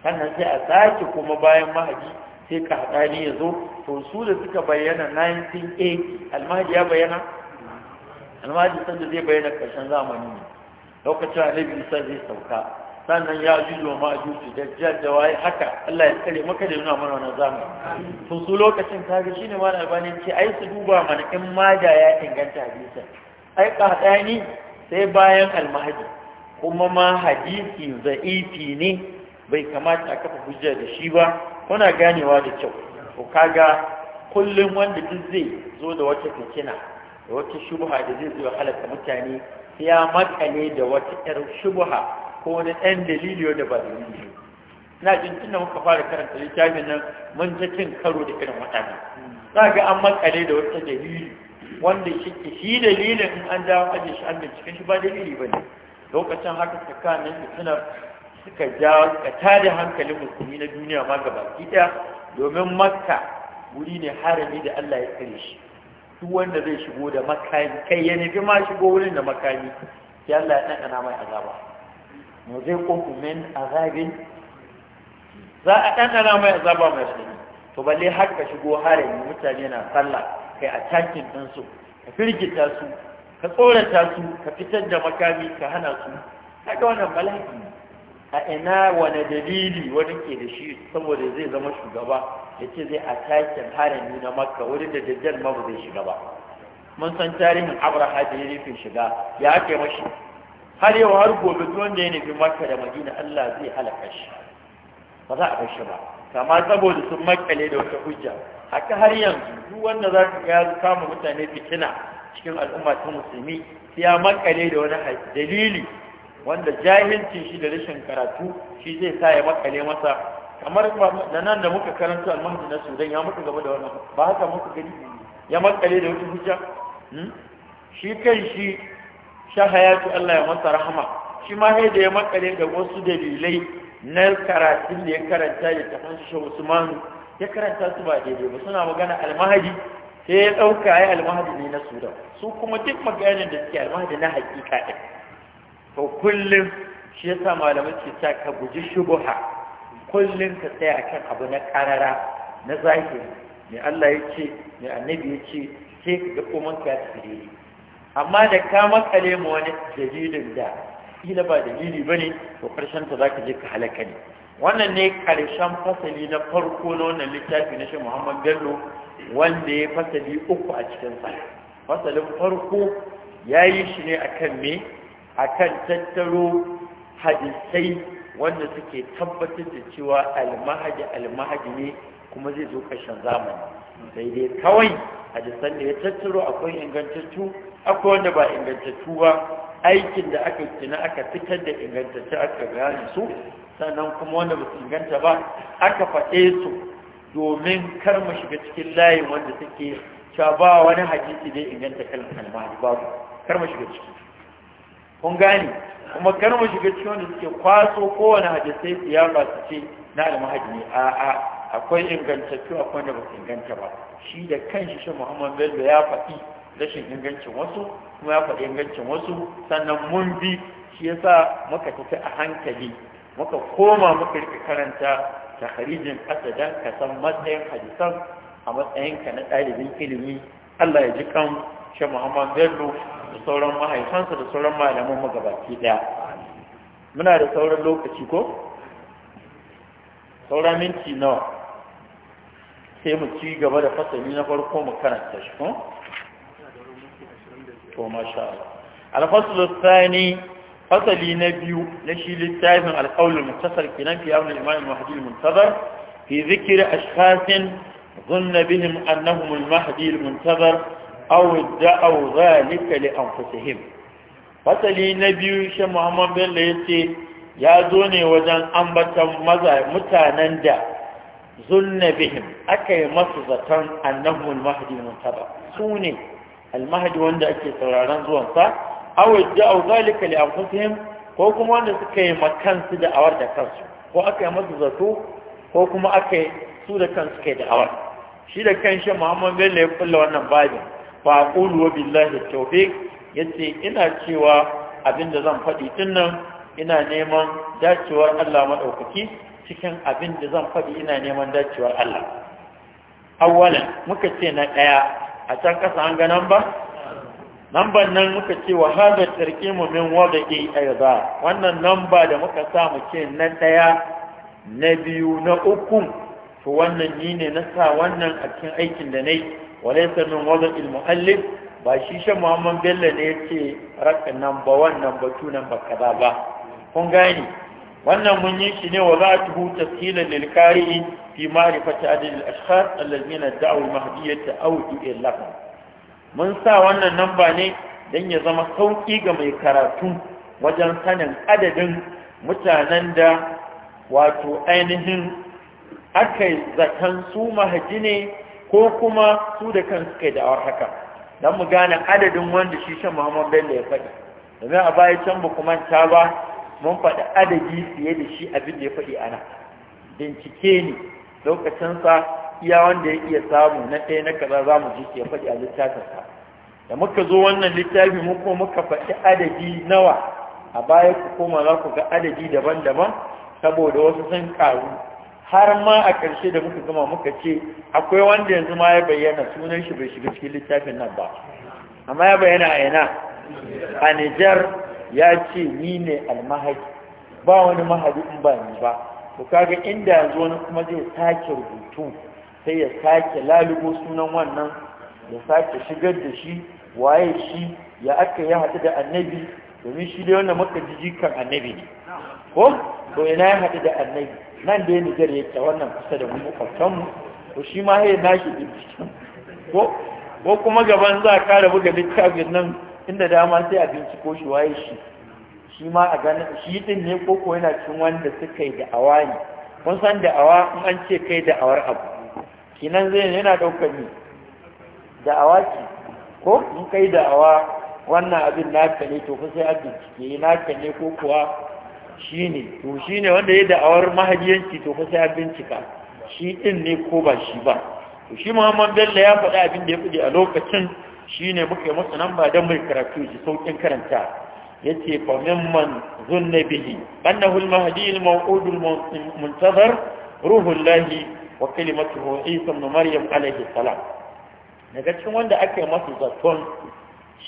sannan sai a sake kuma bayan mahadi sai qahdani ya zo to su da suka bayyana 1980 almahadi ya bayyana almahadi sanda zai bayyana karshen zamani ne lokacin annabi isa zai sauka sannan ya ji wa ma'ajuji dajjal da waye haka Allah ya tsare maka da nuna mana wannan zamani to su lokacin ga shine ma albani ce ai su duba mana in ma da ya inganta hadisin ai ni sai bayan almahadi kuma ma hadisi za'ifi ne bai kamata a kafa hujja da shi ba kuna ganewa da kyau to kaga kullum wanda duk zai zo da wata fitina da wata shubha da zai zo halaka mutane ya makale da wata 'yar shubha ko wani ɗan dalili wanda ba dalili na jin tunda muka fara karanta littafin nan mun ta cin karo da irin waɗannan za ga an makale da wata dalili wanda shi shi dalilin in an dawo aje shi an binciken shi ba dalili ba ne lokacin haka tsakanin fitinar suka ja suka tada hankalin musulmi na duniya ma gaba ɗaya domin makka wuri ne harami da Allah ya kare shi duk wanda zai shigo da makami kai ya nufi ma shigo wurin da makami sai Allah ya ɗanɗana mai azaba zai nuziquhu min azabin za a ɗanɗana mai azaba mai su. to balle har ka shigo harami mutane na sallah kai a cakin ɗinsu ka firgita su ka tsorata su ka fitar da makami ka hana su kaga wannan bala'i a ina wani dalili wani ke da shi saboda zai zama shugaba ya ce zai a takin harami na makka wurin da dajjal ma ba zai shiga ba mun san tarihin abraha da ya rufe shiga ya ake mashi har yau har gobe duk wanda ya nufi maka da madina Allah zai halaka shi ba za a kai shi ba kama saboda sun makale da wata hujja haka har yanzu duk wanda za ka ga kama mutane fitina cikin al'umma ta musulmi sai ya makale da wani dalili wanda jahilci shi da rashin karatu shi zai sa ya makale masa kamar da nan da muka karanta almahdi na sudan ya muka gaba da wannan ba haka muka gani ya makale da wata hujja hmm? shi kan shi shahayatu Allah ya masa rahama shi ma sai da ya makare da wasu dalilai na karatun da ya karanta da tafan shi Usman ya karanta su ba daidai ba suna magana almahadi sai ya ɗauka ya almahadi ne na sura su kuma duk maganin da suke almahadi na hakika ɗin to kullum shi yasa malamai ke sa ka guji shubuha kullum ka tsaya kan abu na karara na zahiri me Allah ya ce me annabi ya ce sai ka ga komanka ya tafi amma da ka makale mu wani dalilin da ila ba dalili ba ne to ƙarshen ta za ka je ka halaka ne wannan ne ƙarshen fasali na farko na wannan littafi na shi muhammad bello wanda ya fasali uku a cikin sa fasalin farko ya yi shi ne akan me akan tattaro hadisai wanda suke tabbatar da cewa almahadi almahadi ne kuma zai zo ƙarshen zamani sai dai kawai jisan da ya tattaro akwai ingantattu akwai wanda ba ingantattu ba aikin da aka kina aka fitar da ingantattu aka gane su sannan kuma wanda ba su inganta ba aka faɗe su domin kar mu shiga cikin layin wanda suke cewa ba wani hadisi dai inganta kalan kalmari babu kar mu shiga ciki kun gane kuma kar mu shiga cikin wanda suke kwaso kowane hadisai ba su ce na almahadi ne a'a akwai ingantattu akwai da ba su inganta ba shi da kanshi shi muhammad bello ya faɗi rashin ingancin wasu kuma ya faɗi ingancin wasu sannan mun bi shi ya sa muka tafi a hankali muka koma muka rika karanta harijin asadan ka san matsayin hadisan a matsayin ka na ɗalibin ilimi Allah ya ji kan shi Muhammad Bello da sauran mahaifansa da sauran malaman mu gabaki daya muna da sauran lokaci ko saura minti nawa sai mu ci gaba da fasali na farko mu karanta shi ko to masha Allah al-fasl thani fasali na biyu na shi littafin al-qawl al-mukhtasar kinan fi awl al-imam al-mahdi al-muntazar fi dhikr ashkhas dhanna bihim annahum al-mahdi al-muntazar aw da'aw dhalika li anfusihim fasali na biyu shi Muhammad Bello yace ya zo ne wajen ambatan maza mutanen da zunna bihim aka yi masu zaton annahumul mahdi muntaba su ne Al-Mahdi, wanda ake sauraron zuwansa aw da'u zalika li anfusihim ko kuma wanda suka yi makansu da awar da kansu ko aka yi masu zato ko kuma aka yi su da kansu kai da awar shi da kanshi Muhammad Bello ya kulla wannan babin fa qulu wa billahi tawfiq yace ina cewa abinda zan faɗi tun ina neman dacewar Allah maɗaukaki cikin abin da zan faɗi ina neman dacewar Allah awwalan muka ce na ɗaya a can ƙasa an ga nan ba namban nan muka ce wa hada mu min ɗaya ba, wannan namba da muka sa mu ce na ɗaya na biyu na uku to wannan ni ne na sa wannan a cikin aikin da na yi. nayi walaysa min wadai muallif ba shi shan Muhammad Bello ne ya yace raka namba wannan namba 2 namba kaza ba kun gani wannan mun yi shi ne wa za ta hu tafsilan lilkari qari'i fi ma'rifati adad al ashkhas allazina da'u al mahdiyyata aw lafa. mun sa wannan namba ne dan ya zama sauƙi ga mai karatu wajen sanin adadin mutanen da wato ainihin aka zaton su mahaji ne ko kuma su da kansu kai da'awar haka don mu gane adadin wanda shi shan muhammad bello ya faɗi domin a baya can ba kuma ta ba mun faɗi adadi fiye da shi abin da ya faɗi ana bincike ne lokacinsa iya wanda ya iya samu na ɗaya na kaza za mu ji ya faɗi a littafin sa da muka zo wannan littafi mu ko muka faɗi adadi nawa a baya ku koma za ku ga adadi daban-daban saboda wasu sun karu har ma a ƙarshe da muka gama muka ce akwai wanda yanzu ma ya bayyana sunan shi bai shiga cikin littafin nan ba amma ya bayyana a yana a Nijar ya ce ni ne almahadi ba wani mahadi in ba ni ba to kaga inda yanzu wani kuma zai sake rubutu sai ya sake lalubo sunan wannan ya sake shigar da shi waye shi ya aka ya haɗu da annabi domin shi dai wannan maka jijikan annabi ne ko to ina ya haɗu da annabi nan da ya ya yake wannan kusa da mu to shi ma ya nashi ko ko kuma gaban za a kara buga littafin nan inda dama sai a binciko shi waye shi shi ma a ganin shi din ne ko ko yana cikin wanda suka yi awa ne kun san da awa in an ce kai da awar abu kinan zai yana daukar ni awa ce ko in kai da awa wannan abin naka ne to sai a bincike eh, naka ne ko kuwa shi ne to shi ne wanda ya awar mahajiyanci to sai a bincika shi din ne ko ba shi ba to shi muhammad bello ya faɗi abin da ya fi a lokacin shine muke musu nan ba dan mai karatu ji saukin karanta yace fa mimman zunna bihi annahu al-mahdi al-maw'ud al-muntazir ruhul lahi wa kalimatuhu isa ibn maryam alayhi salam daga cikin wanda aka yi masa zaton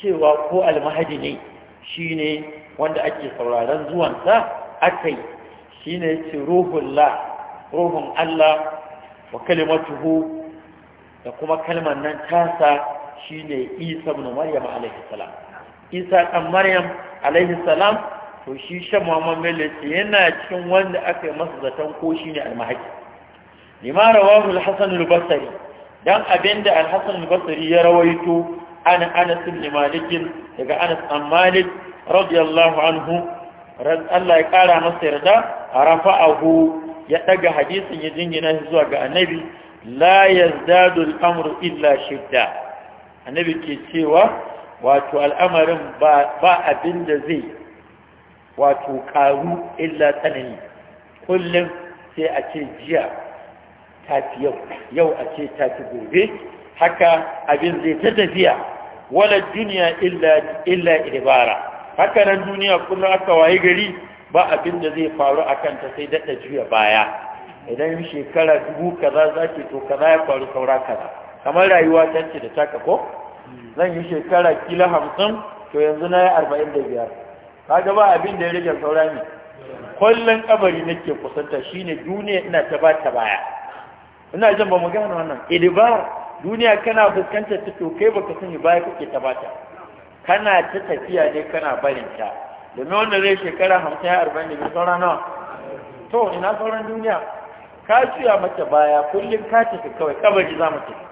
cewa ko al-mahdi ne shine wanda ake sauraron zuwansa akai shine yace ruhul la ruhun Allah wa kalimatuhu da kuma kalmar nan tasa shine Isa ibn Maryam alaihi salam Isa Maryam to shi shan Muhammad Bello yana cikin wanda aka yi masa zaton ko shine almahaki lima rawahu al-Hasan al-Basri dan abinda al-Hasan al-Basri ya rawaito an Anas ibn Malik daga Anas ibn Malik radiyallahu anhu Allah ya kara masa yarda a rafa'ahu ya daga hadisin ya jingina zuwa ga annabi la yazdadu al-amru illa shidda annabi ke cewa wato al'amarin ba abin da zai wato ƙaru illa tsanani kullum sai a ce jiya tafi yau yau a ce tafi gobe haka abin zai ta tafiya wala duniya illa ibara haka nan duniya kullum aka waye gari ba abin da zai faru a kanta sai daɗa juya baya idan shekara dubu kaza za to kaza ya faru saura kaza kamar rayuwa can ce da taka ko zan yi shekara kila hamsin to yanzu na yi arba'in da biyar ga ba abin da ya rage saura ne kwallon kabari nake kusanta shine duniya ina ta ba ta baya ina jin ba mu gane wannan idibar duniya kana fuskantar ta to kai baka sani baya kake ta bata kana ta tafiya ne kana barin ta domin wanda zai shekara hamsin ya arba'in da biyar saura nawa to ina sauran duniya ka juya mata baya kullum ka tafi kawai kabari za mu tafi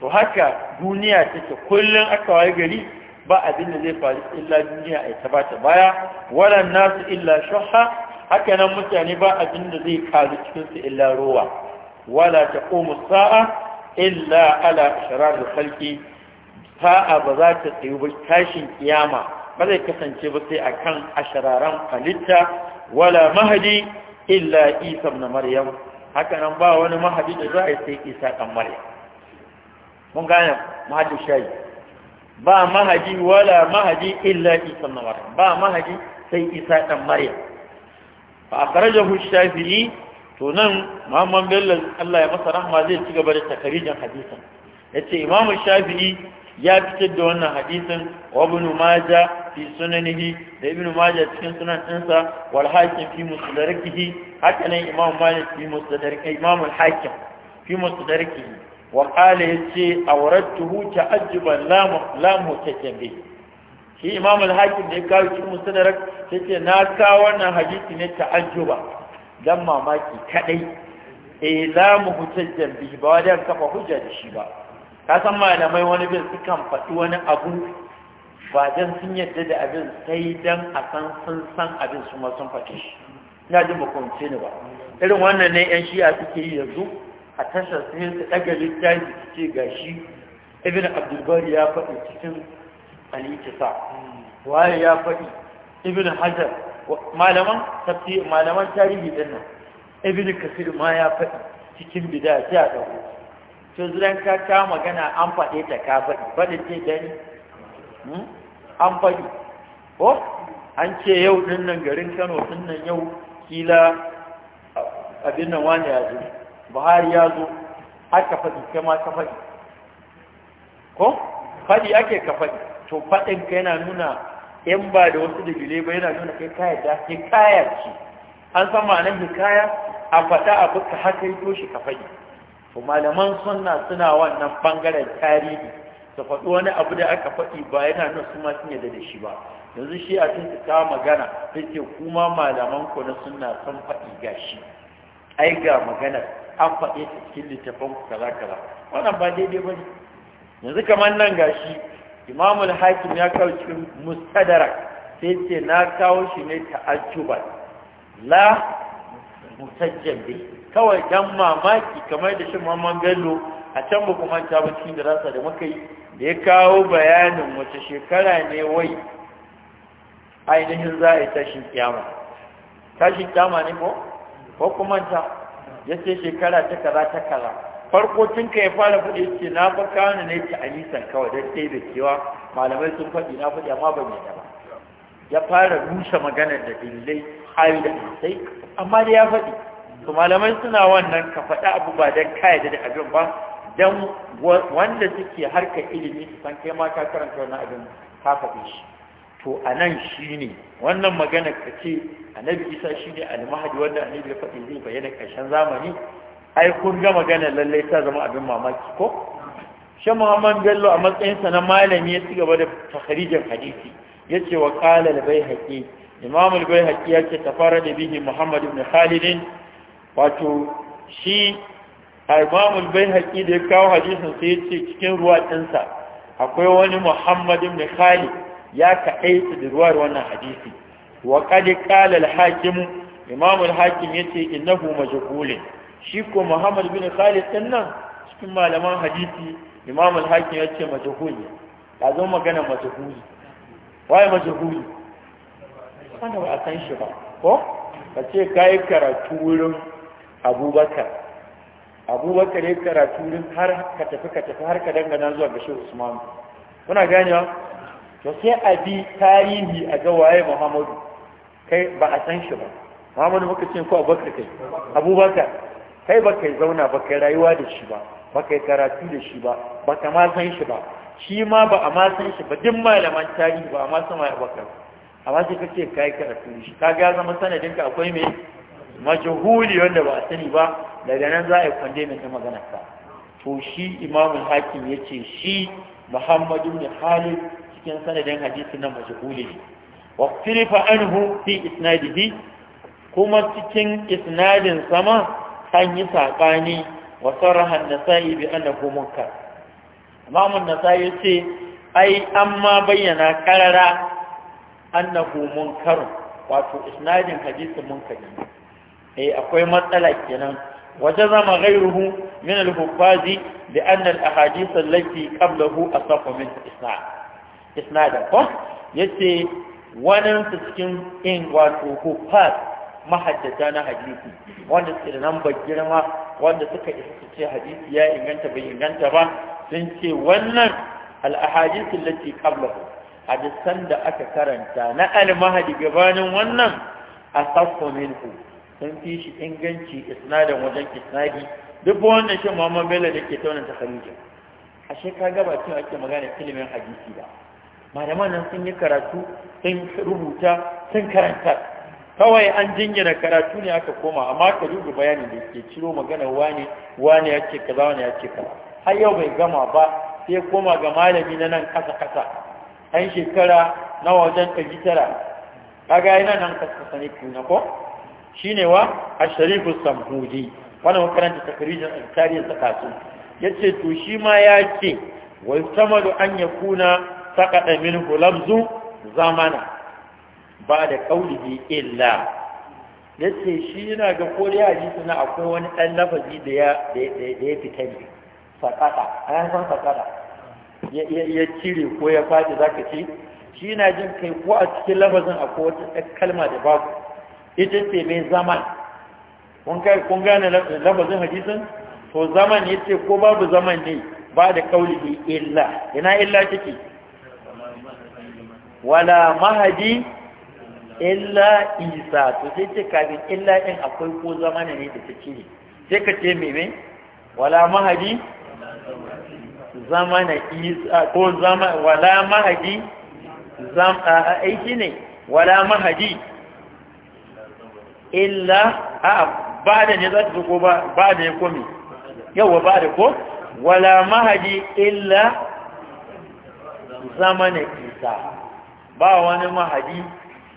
to haka duniya take kullum aka waye gari ba abin da zai faru illa duniya a ta bata baya waran nasu illa shuha haka nan mutane ba abin da zai karu cikin su illa rowa wala taqumu sa'a illa ala isharar khalqi sa'a ba za ta tsayu ba tashin kiyama ba zai kasance ba sai akan ashararan halitta wala mahdi illa isa ibn maryam haka nan ba wani mahadi da za a yi sai isa dan maryam mun gane mahajin shayi ba mahaji wala mahaji illa isa na maryam ba mahaji sai isa dan maryam fa akhrajahu shafi'i to nan muhammad bello Allah ya masa rahma zai ci gaba da takarijin hadisan. Ya ce imam shafi'i ya fitar da wannan hadisan, wa ibn maja fi sunanihi da ibn maja cikin sunan ɗinsa wal hakim fi musdarikihi haka nan imam malik fi musdariki imam al hakim fi musdarikihi wa qala yace awradtuhu ta'ajjuban la la mutakabbir shi imam al-hakim da ya kawo cikin mustadrak yace na kawo wannan hadisi ne ta'ajjuba dan mamaki kadai eh la mutajjan bihi ba wadan kafa hujja da shi ba ka san malamai wani bin sukan faɗi wani abu ba dan sun yadda da abin sai dan a san sun san abin su ma sun faɗi shi ina jin ba ne ba irin wannan ne yan shi'a suke yi yanzu a tashar sai yin ɗaga littafi su ce ga shi ibn abdulbar ya faɗi cikin al'ikisa waye ya faɗi ibn hajar malaman tafi malaman tarihi din nan ibn kasir ma ya faɗi cikin bida sai a ɗago to zuran ka ka magana an faɗe ta ka faɗi faɗi ce dani hmm? an faɗi ko an ce yau ɗin nan garin kano ɗin nan yau kila abin nan wani ya zo buhari ya zo aka faɗi kai ma ka faɗi ko faɗi ake ka faɗi to faɗin ka yana nuna in ba da wasu dalilai ba yana nuna kai kaya da kaya ce an san ma'anar hikaya a faɗa a ka haka yi toshe ka faɗi to malaman sunna suna wannan bangaren tarihi su faɗi wani abu da aka faɗi ba yana nuna su ma sun yarda da shi ba yanzu shi a cikin ta magana ta kuma malaman ku na sunna sun faɗi gashi ai ga maganar an faɗe ta cikin littafin kaza kaza wannan ba daidai ba ne yanzu kamar nan ga shi. imamul hakim ya kawo cikin mustadara sai ce na kawo shi ne ta'ajjuban la mutajjan bi kawai dan mamaki kamar da shi mamman bello a can ba kuma ta ba cikin darasa da muka yi da ya kawo bayanin wace shekara ne wai ainihin za a yi tashin kyama tashin kyama ne ko ko kuma ta yace shekara ta kaza ta kaza farko tun ka ya fara faɗi ce na fa kana ne ta anisan kawai dan sai da cewa malamai sun faɗi na faɗi amma ban yadda ba ya fara rushe maganar da dillai ayi da sai amma da ya faɗi to malamai suna wannan ka abu ba dan kayyade da abin ba dan wanda suke harkar ilimi su san kai ma ka karanta wannan abin ka faɗi shi to a nan shi ne wannan magana ka ce annabi isa shi ne almahadi wanda annabi ya faɗi zai bayyana ƙarshen zamani ai kun ga magana lallai ta zama abin mamaki ko shi muhammad bello a matsayinsa na malami ya ci gaba da takharijin hadisi ya ce wa ƙala bai haƙi imam bai haƙi ya ce ta fara da bihi muhammad ibn khalidin wato shi imam bai haƙi da ya kawo hadisin sai ya ce cikin ruwa ɗinsa akwai wani muhammad ibn khalid ya kaɗai su da ruwar wannan hadisi wa qad qala al-hakim imam al-hakim yace innahu majhul shi ko muhammad bin khalid din nan cikin malaman hadisi imam al-hakim yace majhul ya zo magana majhul waye majhul Kana ba a san shi ba ko ka ce kai karatu wurin abubakar abubakar ya karatu wurin har ka tafi ka tafi har ka dangana zuwa ga shehu usman kuna ganewa to sai a bi tarihi a ga waye muhammadu kai ba a san shi ba muhammadu muka ce ko abubakar kai abubakar kai ba kai zauna ba kai rayuwa da shi ba ba kai karatu da shi ba ba ka ma san shi ba shi ma ba a ma san shi ba duk malaman tarihi ba a ma san waye abubakar amma sai kace kai karatu da shi Ka ga zama sanadin ka akwai me majhuli wanda ba a sani ba daga nan za a yi kwande mai magana ka to shi imamul hakim yace shi muhammadu ne halid cikin sanadin hadisin nan majhuli ne wa firifa anhu fi isnadihi kuma cikin isnadin sama an yi saɓani wa sarraha an-nasa'i bi annahu munkar imam an-nasa'i ce ai amma bayyana karara annahu munkar wato isnadin hadisin munkari eh akwai matsala kenan وجزم غيره من الحفاظ بأن الأحاديث التي قبله أصح من الإسلام isnadin ko yace wani su cikin in wato hufas mahaddata na hadisi wanda suke da lambar girma wanda suka isa ce hadisi ya inganta bai inganta ba sun ce wannan al-ahadith allati qablahu hadisan da aka karanta na al-mahdi gabanin wannan asaffu minhu sun fi shi inganci isnadan wajen isnadi duk wannan shi Muhammad Bello da ke tauna ta Khadija ashe ka ga ba ake magana ilimin hadisi ba malaman nan sun yi karatu sun rubuta sun karanta kawai an da karatu ne aka koma amma ka duba bayanin da ke ciro magana wani wani ya ce kaza wani ya ce kaza har yau bai gama ba sai koma ga malami na nan kasa kasa an shekara na wajen ɗari tara kaga yana nan kasa kasa ne na ko shine wa asharifu samhudi wannan makaranta takarijin tarihin sakasu yace to shi ma ya ce wa yustamalu an yakuna سقط zamana ba da بعد قوله إلا yace shi yana ga ko da suna akwai wani ɗan lafazi da ya da ya fita ne sakata a san sakata ya cire ko ya faɗi zaka ce shi yana jin kai ko a cikin lafazin akwai wata kalma da babu ita ce mai zaman kun gane lafazin hadisin to zaman ya ce ko babu zaman ne ba da kaulihi illa ina illa take wala mahadi illa isa to sai ce kafin illa ɗin akwai ko zamana ne da take ne sai ka ce meme wala mahadi zamana isa ko zama wala mahadi zam a aiki ne wala mahadi illa a ba da ne za ta ko ba ba da ya komi yawa ba da ko wala mahadi illa zamana isa ba wani mahadi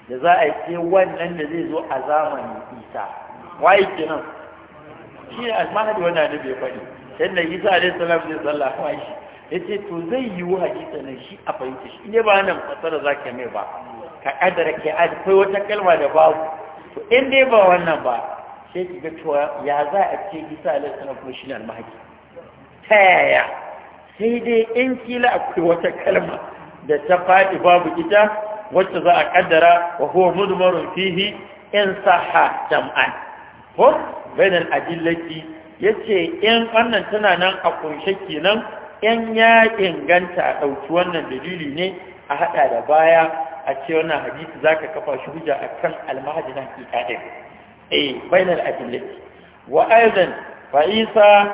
da za a ce wannan da zai zo a zamanin isa waye kenan shi ne mahadi wannan da bai faɗi da isa dai salam zai sallama shi ya ce to zai yi wa hadisa nan shi a fahimta shi ne ba nan fasara za ka mai ba ka kadara ke akwai wata kalma da babu to in dai ba wannan ba sai ki ga cewa ya za a ce isa dai salam kuma shi ne almahadi ta yaya sai dai in kila akwai wata kalma da ta faɗi babu ita wacce za a kaddara wa huwa mudmarun fihi in sahha jam'an ko bainal adillati yace in wannan tana nan a kunshe kenan in ya inganta a ɗauki wannan dalili ne a haɗa da baya a ce wannan hadisi zaka kafa shi hujja akan almahadi na hakika din eh bainal adillati wa aidan fa isa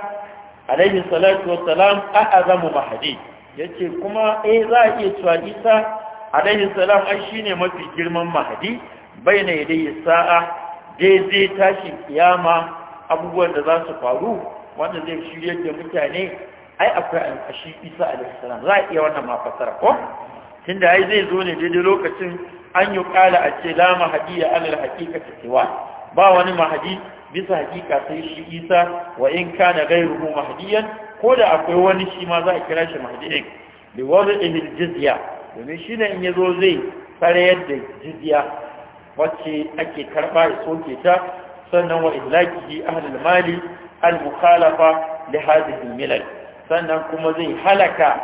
alaihi salatu wa wassalam a'azamu mahadi yace kuma eh za a iya cewa Isa alaihi salam ai shine mafi girman mahadi baina yadayhi sa'a daidai tashin kiyama abubuwan da za su faru wanda zai shirya da mutane ai akwai shi Isa alaihi salam za a iya wannan ma ko tunda ai zai zo ne daidai lokacin an yi kala a ce la ya alal haqiqati siwa ba wani mahadi bisa haqiqa sai shi Isa wa in kana ghayruhu mahdiyan ko da akwai wani shi ma za a kira shi mahdi din bi wad'il jizya domin shi ne in yazo zai tsarayar da jizya wacce ake karba da soke ta sannan wa illakihi ahlul mali al mukhalafa li hadhihi milal sannan kuma zai halaka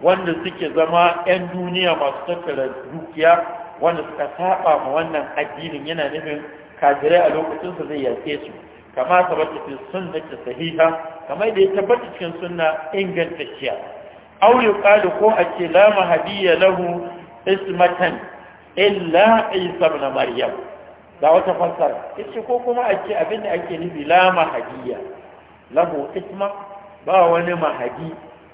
wanda suke zama 'yan duniya masu tattara dukiya wanda suka saba ma wannan addinin yana nufin kajirai a lokacinsa zai yake su kama sabata fi sunnati sahiha Kama da ya tabbata cikin sunna ingantacciya aw yuqalu ko a ce la mahdiya lahu ismatan illa isa ibn maryam da wata fassara yace ko kuma a ce abin da ake nufi la mahdiya lahu isma ba wani mahadi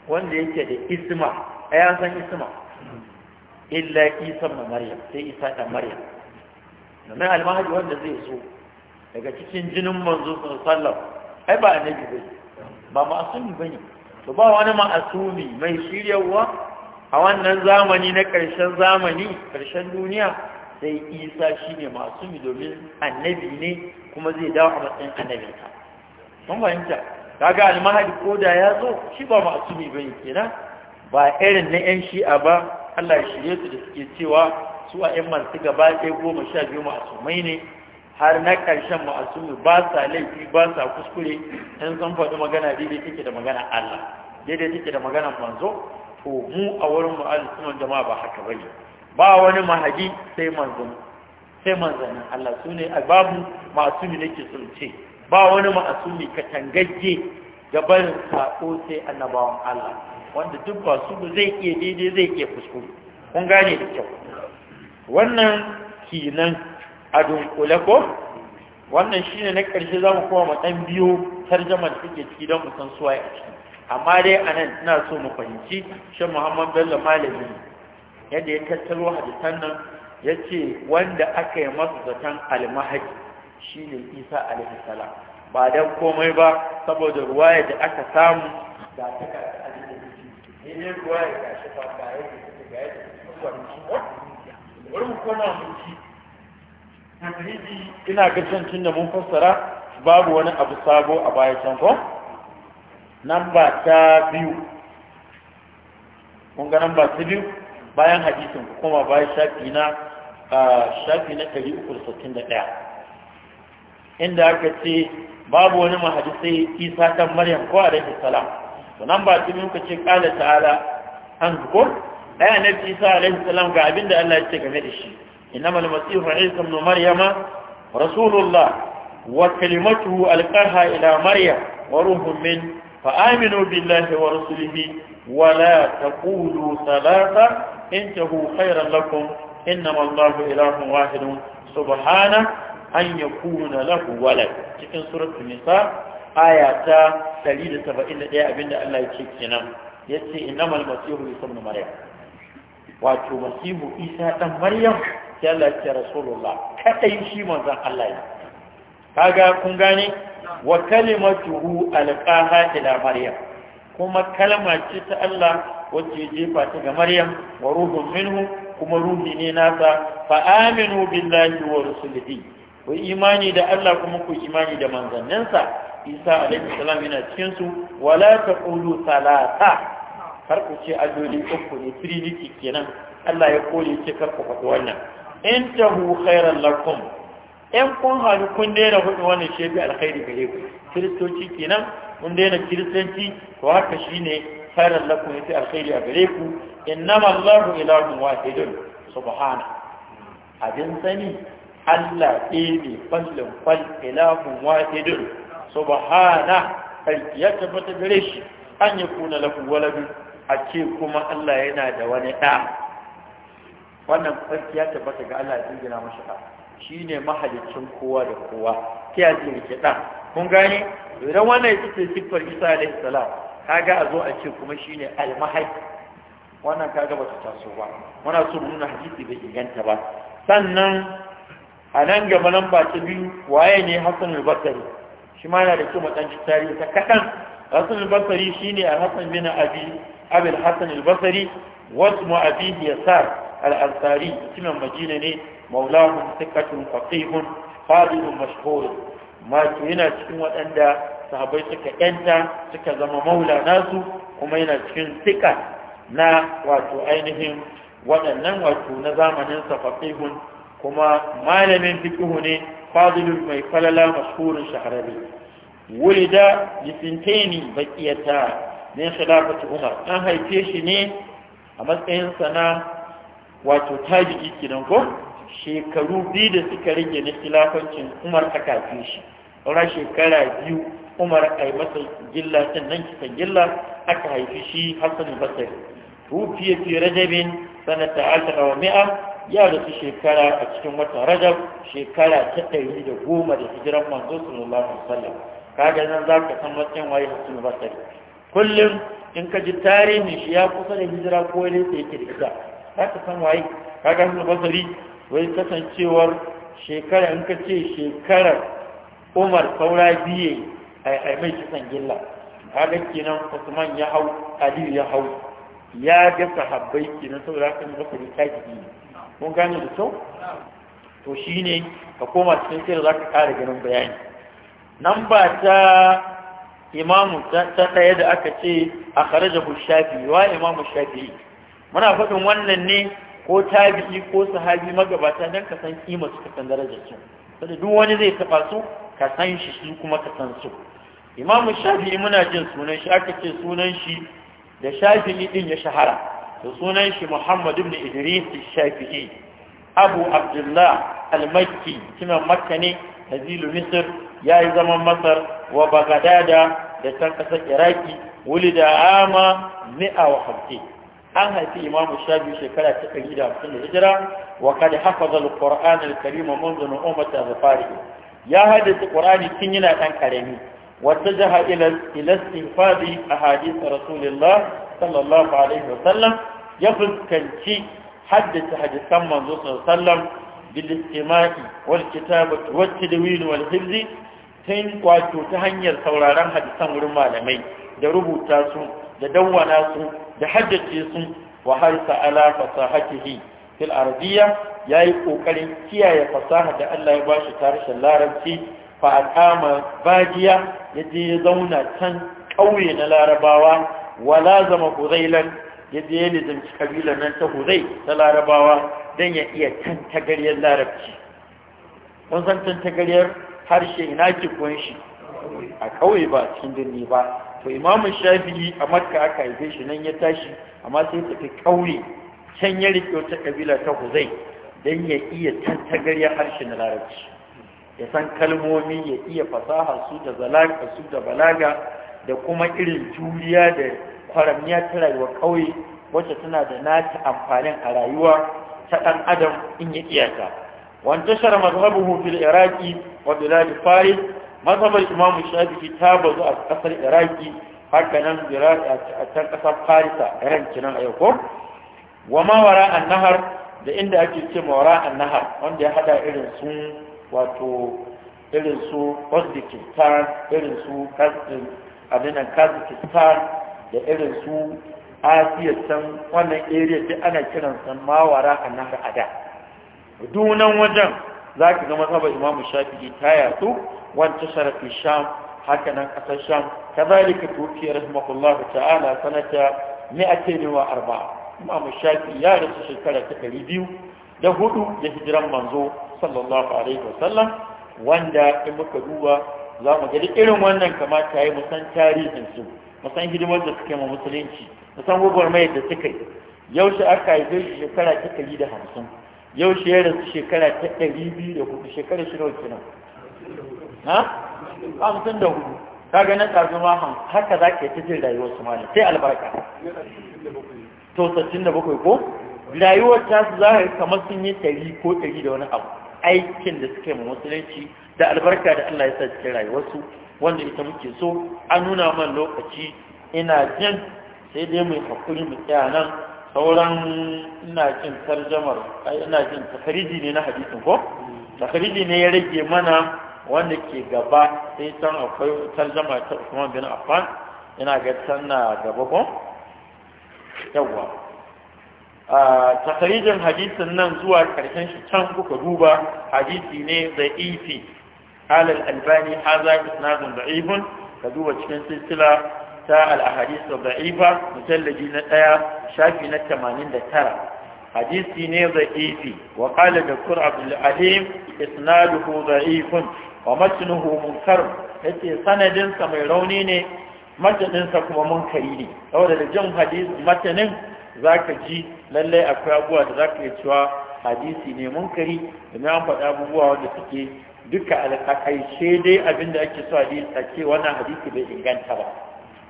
wanda yake da isma ai san isma illa isa ibn maryam sai isa da maryam nan al-mahdi wanda zai zo daga cikin jinin manzo sallam ai ba annabi ba ba ma'asumi bane to ba wani ma'asumi mai shiryawa a wannan zamani na ƙarshen zamani ƙarshen duniya sai isa shine ma'asumi domin annabi ne kuma zai dawo a matsayin ka mun fahimta kaga almahadi ko da ya zo shi ba ma'asumi bane kenan ba irin na yan shi'a ba Allah ya shirye su da suke cewa su a yan masu gaba ɗaya goma sha biyu ma'asumai ne har na ƙarshen ma'asumi ba sa laifi ba sa kuskure in sun faɗi magana daidai take da magana Allah daidai take da magana manzo to mu a wurin mu alisunan jama'a ba haka bane ba wani mahadi sai manzo sai manzanin Allah su ne babu ma'asumi nake sun ce ba wani ma'asumi katangagge ga barin sako sai annabawan Allah wanda duk ba su zai iya daidai zai iya kuskure kun gane da kyau wannan kinan a dunkule ko wannan ne na ƙarshe za mu kuma ɗan biyo tarjamar suke ciki don mu san ya a ciki amma dai a nan ina so mu fahimci shi muhammad bello malami yadda ya tattaro hadisan nan ya ce wanda aka yi masa zaton shi ne isa alaihissalam ba don komai ba saboda ruwa yadda aka samu da ta karɓi ne ne ruwaya ya shi ba ga yadda ta ga da ta kwanci wurin koma mu ji ina ga can tun da mun fassara babu wani abu sabo a baya can ko namba ta biyu kun ga namba ta biyu bayan hadisin kuma koma bayan shafi na shafi na 361 inda aka ce babu wani mahadisai isa ta maryam ko alaihi salam to namba ta biyu ka ce kala ta'ala an ko ɗaya na isa alaihi salam ga abin da Allah ya ce game da shi إنما المسيح عيسى بن مريم رسول الله وكلمته ألقاها إلى مريم وروح منه فآمنوا بالله ورسله ولا تقولوا ثلاثة انتهوا خيرا لكم إنما الله إله واحد سبحانه أن يكون له ولد cikin suratul nisa aya ta 171 abinda Allah ya ce kenan yace innamal masihu isa ibn maryam wato masihu isa dan maryam yalla rasulullah kadai shi manzon Allah ne kaga kun gane wa kalimatuhu alqaha ila maryam kuma kalma ce ta Allah wacce jefa ta ga maryam wa ruhun minhu kuma ruhi ne nasa fa aminu billahi wa rusulihi ku imani da Allah kuma ku imani da manzanninsa Isa alaihi salam yana cikin su wala taqulu salata kar ku ce alloli uku ne trinity kenan Allah ya kore ce kar ku faɗi wannan in tahu khairan lakum in kun hannu kun daina hudu wannan shebi alkhairi gare ku kiristoci kenan kun daina kiristanci to haka shine khairan lakum yace alkhairi a gare ku innama allahu ilahun wahidun subhana abin sani Allah ɗaya ne fallin fal ilahun wahidun subhana sarki ya tabbata gare shi an yi kuna lafi walabi a ce kuma Allah yana da wani ɗa wannan farki ya tabbata ga Allah ya dingina mashi ɗa shi ne mahalicin kowa da kowa ta yaji rike ɗan. kun gane idan wannan ita ce siffar isa alaihi salam kaga a zo a ce kuma shi ne almahai wannan kaga bata ta taso ba muna so mu nuna hadisi da inganta ba sannan a nan gaba nan ba ta biyu waye ne hassan al shi ma yana da kyau matsanci tarihi ta kaɗan hassan al shi shine al-hassan bin abi abul hassan al wasu mu yasar al-ansari mutumin jina ne maulahun sikatun faqihun fadilun mashhur maki yana cikin waɗanda sahabai suka yanta suka zama maula nasu kuma yana cikin sika na wato ainihin waɗannan wato na zamanin sa kuma malamin fiqhu ne fadilun mai falala mashhurun shahararre wulida lifintaini baqiyata min khilafati umar an haife shi ne a matsayinsa na. wato tabi'i kenan ko shekaru biyu da suka rage na khilafancin Umar aka kafe shi saura shekara biyu Umar ai masa gilla sannan kisa gilla aka haifi shi Hassan Basri rufiya fi rajabin sanata ashara mi'a ya rasu shekara a cikin watan rajab shekara ta ɗari da goma da hijiran manzo sallallahu alaihi wasallam kaga nan za ka san matsayin waye Hassan Basri kullum in ka ji tarihin shi ya kusa da hijira ko ne sai yake da za ka san waye ka ga su basari wai kasancewar shekara in ka ce shekarar umar saura biye a mai kisan gilla kaga kenan usman ya hau aliyu ya hau ya ga sahabbai kenan saboda haka ne basari ta gidi kun gane da kyau to shine ka koma cikin sai za ka kare ganin bayani nan ba ta imamu ta ɗaya da aka ce a kharajahu shafi wa imamu shafi'i muna faɗin wannan ne ko tabi'i ko sahabi magabata don ka san kima su ka san darajar su saboda duk wani zai taɓa su ka san shi su kuma ka san su imamu shafi'i muna jin sunan shi aka ce sunan shi da shafi'i din ya shahara da sunan shi muhammad ibn idris shafi'i abu abdullah al-makki kina makka ne hazilu misr ya yi zaman masar wa bagadada da can ƙasar iraki wuli da ama wa an haifi imamu shafi shekara ta ɗari da hamsin da hijira wa kada hafaza al-qur'an al-karim منذ نعومة ظفاره ya haddace qur'ani tun yana ɗan karami wata jaha ila istinfadi ahadith rasulullah sallallahu alaihi wa sallam ya fuskanci haddace hadisan manzo sallallahu alaihi sallam bil istima'i wal kitabati wat tadwin wal hifzi wato ta hanyar sauraron hadisan wurin malamai da rubuta su da dawwana su da haddace su wa harsa ala fasahatihi fil arabiyya yayi kokarin kiyaye fasaha da Allah ya bashi tarishin larabci fa aqama badiya yaje ya zauna can kauye na larabawa wala zama ya yaje ya nizamci kabilar nan ta huzai ta larabawa dan ya iya tantagaryar larabci kun san tantagaryar harshe ina ki kun shi a kauye ba cikin birni ba to imamu shafi'i a makka aka haife shi nan ya tashi amma sai tafi ƙauye can ya rike wata ƙabila ta huzai don ya iya tantagarya na larabci ya san kalmomi ya iya fasaha su da zalaka su da balaga da kuma irin juriya da kwaranniya ta rayuwa ƙauye wacce tana da nata amfanin a rayuwa ta ɗan adam in ya ta wanda shara mazhabuhu fil iraqi wa bilad faris mazhabar imam shafi'i ta bazu a kasar iraki haka nan iraki a can kasar farisa iran kinan a wa ma wara annahar da inda ake ce ma wara annahar wanda ya hada irin su wato irin su uzbekistan irin su abinan da irin su asiya can wannan area duk ana kiransa mawara a nahar ada dunan wajen za ka ga mazhabar imam shafi'i ta yatsu wanta sharafi sham haka nan ƙasar sham kazalika tufiya rahimahullah ta'ala sanata mi'atain wa arba'a imam shafi'i ya rasu shekara ta ɗari biyu da hudu da hijiran manzo sallallahu alaihi sallam. wanda in muka duba za mu gani irin wannan kamata yi musan tarihin su san hidimar da suke ma musulunci san gwagwarmayar da suka yi yaushe aka haife shekara ta ɗari da hamsin yau shi ya rasu shekara ta ɗari biyu da hudu shekara shi rauki nan? ha hamsin da hudu kaga na tsarzu ma haka za ka yi ta jin rayuwar su mana sai albarka to sassin da bakwai ko rayuwar ta su za ka kamar sun yi ɗari ko ɗari da wani abu aikin da suke ma musulunci da albarka da Allah ya sa cikin rayuwarsu wanda ita muke so an nuna man lokaci ina jin sai dai mai hakuri mu tsaya nan sauran ina cin tarjamar ina cin tafariji ne na hadisin ko tafariji ne ya rage mana wanda ke gaba sai can akwai tarjama ta Usman bin Affan ina ga na gaba ko yawa a tafarijin hadisin nan zuwa karshen shi can kuka duba hadisi ne da ifi alal albani haza isnadun da'ifun ka duba cikin silsila ta al-ahadith da'ifa mutallaji na daya shafi na 89 hadisi ne da'ifi wa qala dakur abdul alim isnaduhu da'ifun wa matnuhu munkar yace sanadin sa mai rauni ne matanin sa kuma munkari ne saboda da jin hadisi matanin zaka ji lalle akwai abuwa da zaka yi cewa hadisi ne munkari da an faɗa abubuwa wanda suke duka alƙaƙaice dai abinda ake so hadisi a ce wannan hadisi bai inganta ba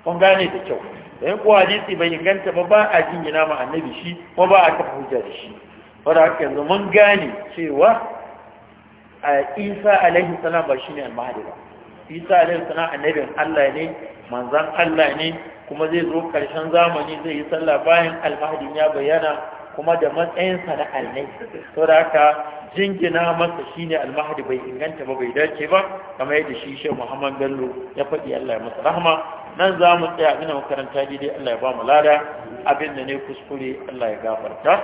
kun gane da kyau in ko hadisi bai inganta ba ba a jingina ma annabi shi ko ba a kafa hujja da shi wanda haka yanzu mun gane cewa a isa alaihi salam ba ne almahdi ba isa alaihi salam annabin Allah ne manzon Allah ne kuma zai zo karshen zamani zai yi sallah bayan almahdi ya bayyana kuma da matsayinsa na alnai to da haka jingina masa shine almahdi bai inganta ba bai dace ba kamar yadda shi shi muhammad bello ya faɗi allah ya masa rahama nan za mu tsaya ina makaranta daidai allah ya ba mu lada abin da ne kuskure allah ya gafarta